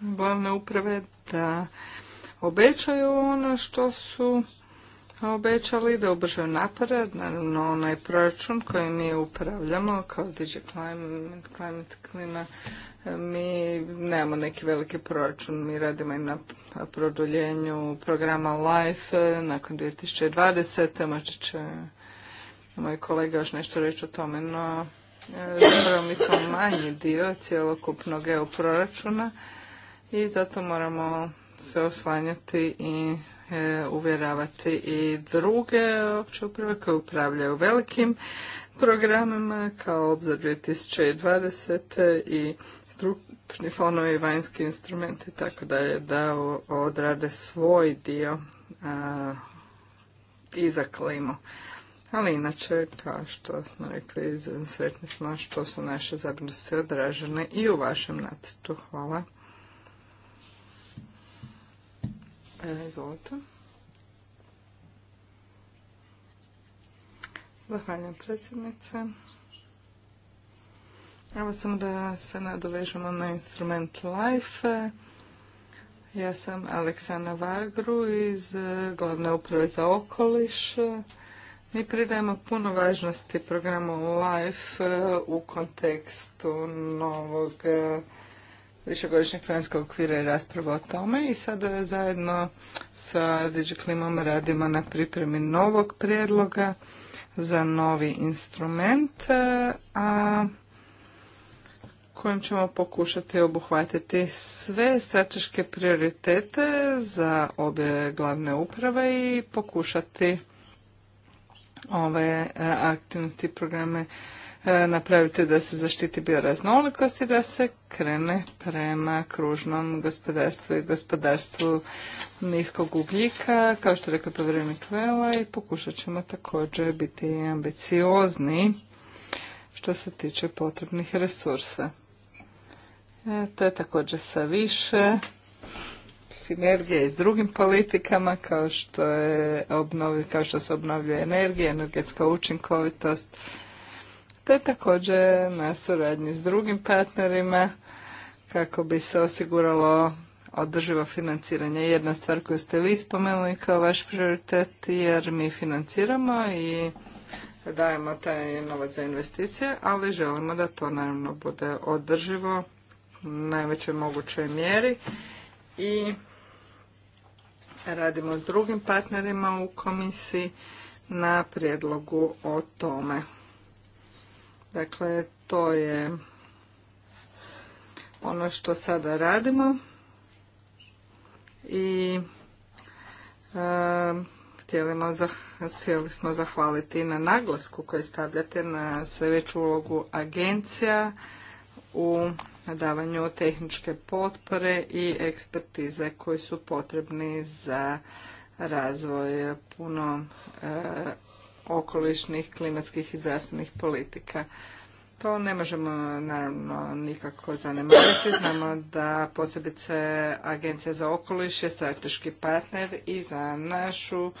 glavne uprave da obećaju ono što su obećali da ubržaju napore, naravno onaj proračun koji mi upravljamo kao DG Climate, Climate Klima, e, mi nemamo neki veliki proračun, mi radimo i na produljenju programa LIFE e, nakon 2020. Možda će moj kolega još nešto reći o tome, no e, zapravo mi smo manji dio cijelokupnog EU proračuna i zato moramo se oslanjati i e, uvjeravati i druge opće uprave koje upravljaju velikim programima kao obzor 2020. i strukturni fonovi, vanjski instrumenti, tako da je da odrade svoj dio a, i za klimu. Ali inače, kao što smo rekli, sretni smo što su naše zabrinutosti odražene i u vašem nacrtu. Hvala. E, Zahvaljujem predsjednice. Evo samo da se nadovežemo na instrument LIFE. Ja sam Aleksana Vagru iz e, Glavne uprave za okoliš. Mi pridajemo puno važnosti programu LIFE e, u kontekstu novog višegodišnjeg financijskog okvira i rasprava o tome i sada zajedno sa Digiklimom radimo na pripremi novog prijedloga za novi instrument, a kojim ćemo pokušati obuhvatiti sve strateške prioritete za obje glavne uprave i pokušati ove aktivnosti i programe E, napraviti da se zaštiti bioraznolikost i da se krene prema kružnom gospodarstvu i gospodarstvu niskog ugljika, kao što rekao povjerenik Vela i pokušat ćemo također biti ambiciozni što se tiče potrebnih resursa. E, to je također sa više sinergije i s drugim politikama kao što je obnovi, kao što se obnovljuje energija, energetska učinkovitost, te također na suradnji s drugim partnerima kako bi se osiguralo održivo financiranje. Jedna stvar koju ste vi spomenuli kao vaš prioritet jer mi financiramo i dajemo taj novac za investicije, ali želimo da to naravno bude održivo u najvećoj mogućoj mjeri i radimo s drugim partnerima u komisiji na prijedlogu o tome. Dakle, to je ono što sada radimo i e, htjeli smo zahvaliti na naglasku koji stavljate na sve veću ulogu agencija u davanju tehničke potpore i ekspertize koji su potrebni za razvoj puno e, okolišnih, klimatskih i zdravstvenih politika. To ne možemo naravno nikako zanemariti. Znamo da posebice Agencija za okoliš je strateški partner i za našu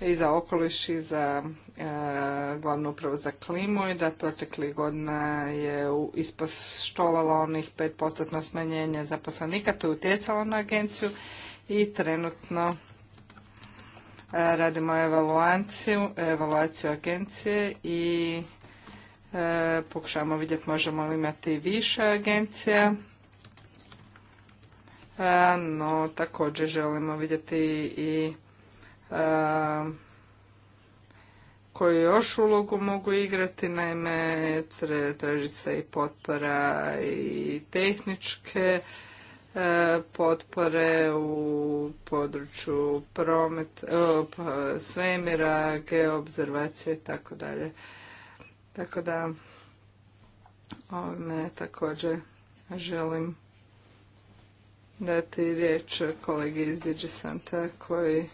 i za okoliš i za e, glavnu upravu za klimu i da proteklih godina je ispoštovalo onih 5% smanjenje zaposlenika. To je utjecalo na agenciju i trenutno E, radimo evaluaciju, evaluaciju agencije i e, pokušavamo vidjeti možemo li imati više agencija. E, no, također želimo vidjeti i e, koju još ulogu mogu igrati, naime traži se i potpora i tehničke E, potpore u području e, pa, svemira, geobzervacije i tako dalje. Tako da ovime također želim dati riječ kolegi iz DigiSanta koji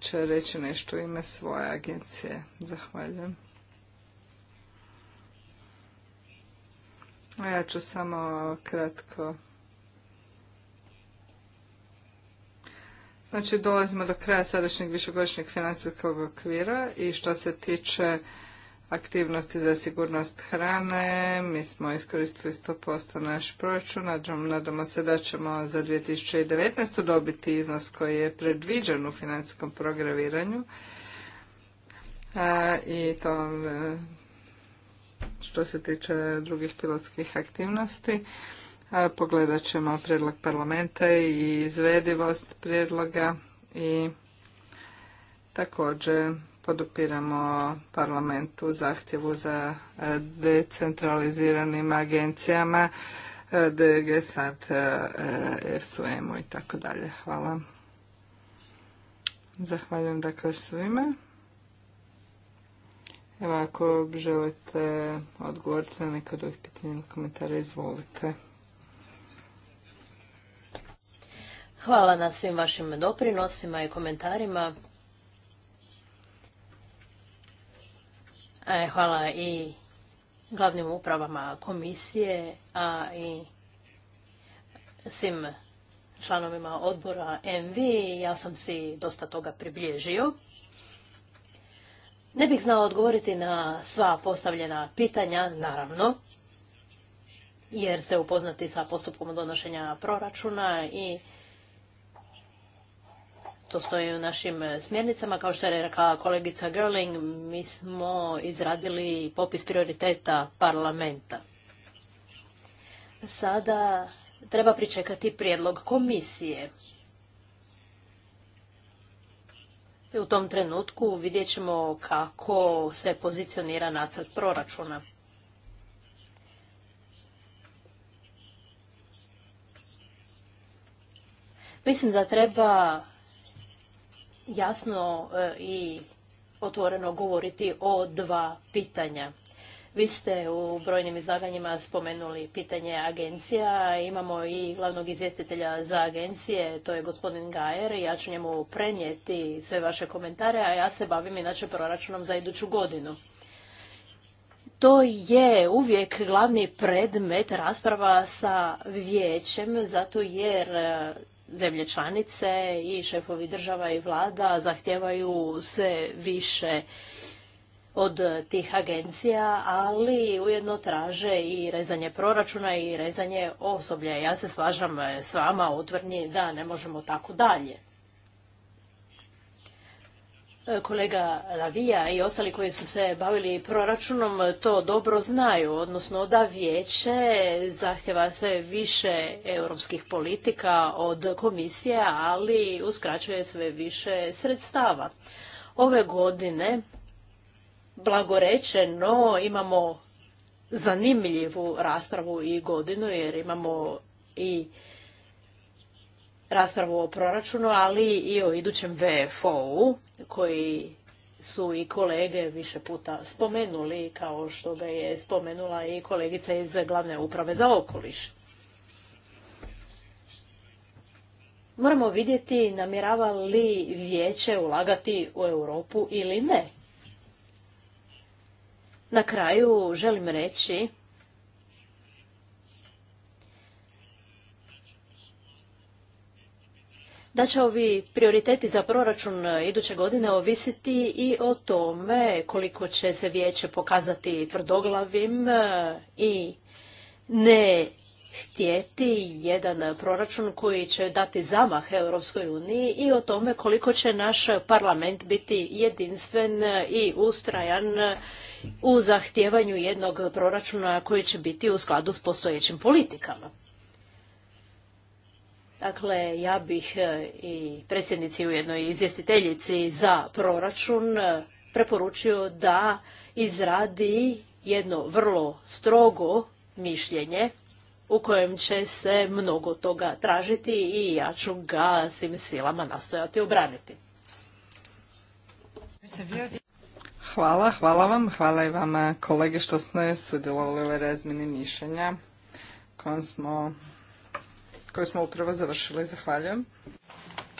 će reći nešto u ime svoje agencije. Zahvaljujem. ja ću samo kratko Znači dolazimo do kraja sadašnjeg višegodišnjeg financijskog okvira i što se tiče aktivnosti za sigurnost hrane, mi smo iskoristili 100% naš proračun, nadamo se da ćemo za 2019. dobiti iznos koji je predviđen u financijskom programiranju i to e, što se tiče drugih pilotskih aktivnosti. Pogledat ćemo prijedlog parlamenta i izvedivost prijedloga i također podupiramo parlamentu zahtjevu za e, decentraliziranim agencijama e, DG sad e, FSUM-u i tako dalje. Hvala. Zahvaljujem dakle svima. Evo ako želite odgovoriti na neko pitanja ili komentara, izvolite. Hvala na svim vašim doprinosima i komentarima. E, hvala i glavnim upravama komisije, a i svim članovima odbora MV. Ja sam si dosta toga približio. Ne bih znao odgovoriti na sva postavljena pitanja, naravno, jer ste upoznati sa postupkom donošenja proračuna i to stoji u našim e, smjernicama. Kao što je rekla kolegica Gerling, mi smo izradili popis prioriteta parlamenta. Sada treba pričekati prijedlog komisije. U tom trenutku vidjet ćemo kako se pozicionira nacrt proračuna. Mislim da treba jasno e, i otvoreno govoriti o dva pitanja. Vi ste u brojnim izlaganjima spomenuli pitanje agencija. Imamo i glavnog izvjestitelja za agencije, to je gospodin Gajer. Ja ću njemu prenijeti sve vaše komentare, a ja se bavim inače proračunom za iduću godinu. To je uvijek glavni predmet rasprava sa vijećem, zato jer zemlje članice i šefovi država i vlada zahtijevaju sve više od tih agencija, ali ujedno traže i rezanje proračuna i rezanje osoblja. Ja se slažem s vama u da ne možemo tako dalje kolega Lavija i ostali koji su se bavili proračunom to dobro znaju, odnosno da vijeće zahtjeva sve više europskih politika od komisije, ali uskraćuje sve više sredstava. Ove godine, blagorečeno, imamo zanimljivu raspravu i godinu jer imamo i raspravu o proračunu, ali i o idućem VFO-u, koji su i kolege više puta spomenuli, kao što ga je spomenula i kolegica iz Glavne uprave za okoliš. Moramo vidjeti namjerava li vijeće ulagati u Europu ili ne. Na kraju želim reći da će ovi prioriteti za proračun e, iduće godine ovisiti i o tome koliko će se vijeće pokazati tvrdoglavim e, i ne htjeti jedan proračun koji će dati zamah Europskoj uniji i o tome koliko će naš parlament biti jedinstven i ustrajan u zahtijevanju jednog proračuna koji će biti u skladu s postojećim politikama. Dakle, ja bih e, i predsjednici u jednoj izvjestiteljici za proračun e, preporučio da izradi jedno vrlo strogo mišljenje u kojem će se mnogo toga tražiti i ja ću ga svim silama nastojati obraniti. Hvala, hvala vam. Hvala i vama kolege što smo sudjelovali u ovoj mišljenja kojom smo koju smo upravo završili. Zahvaljujem.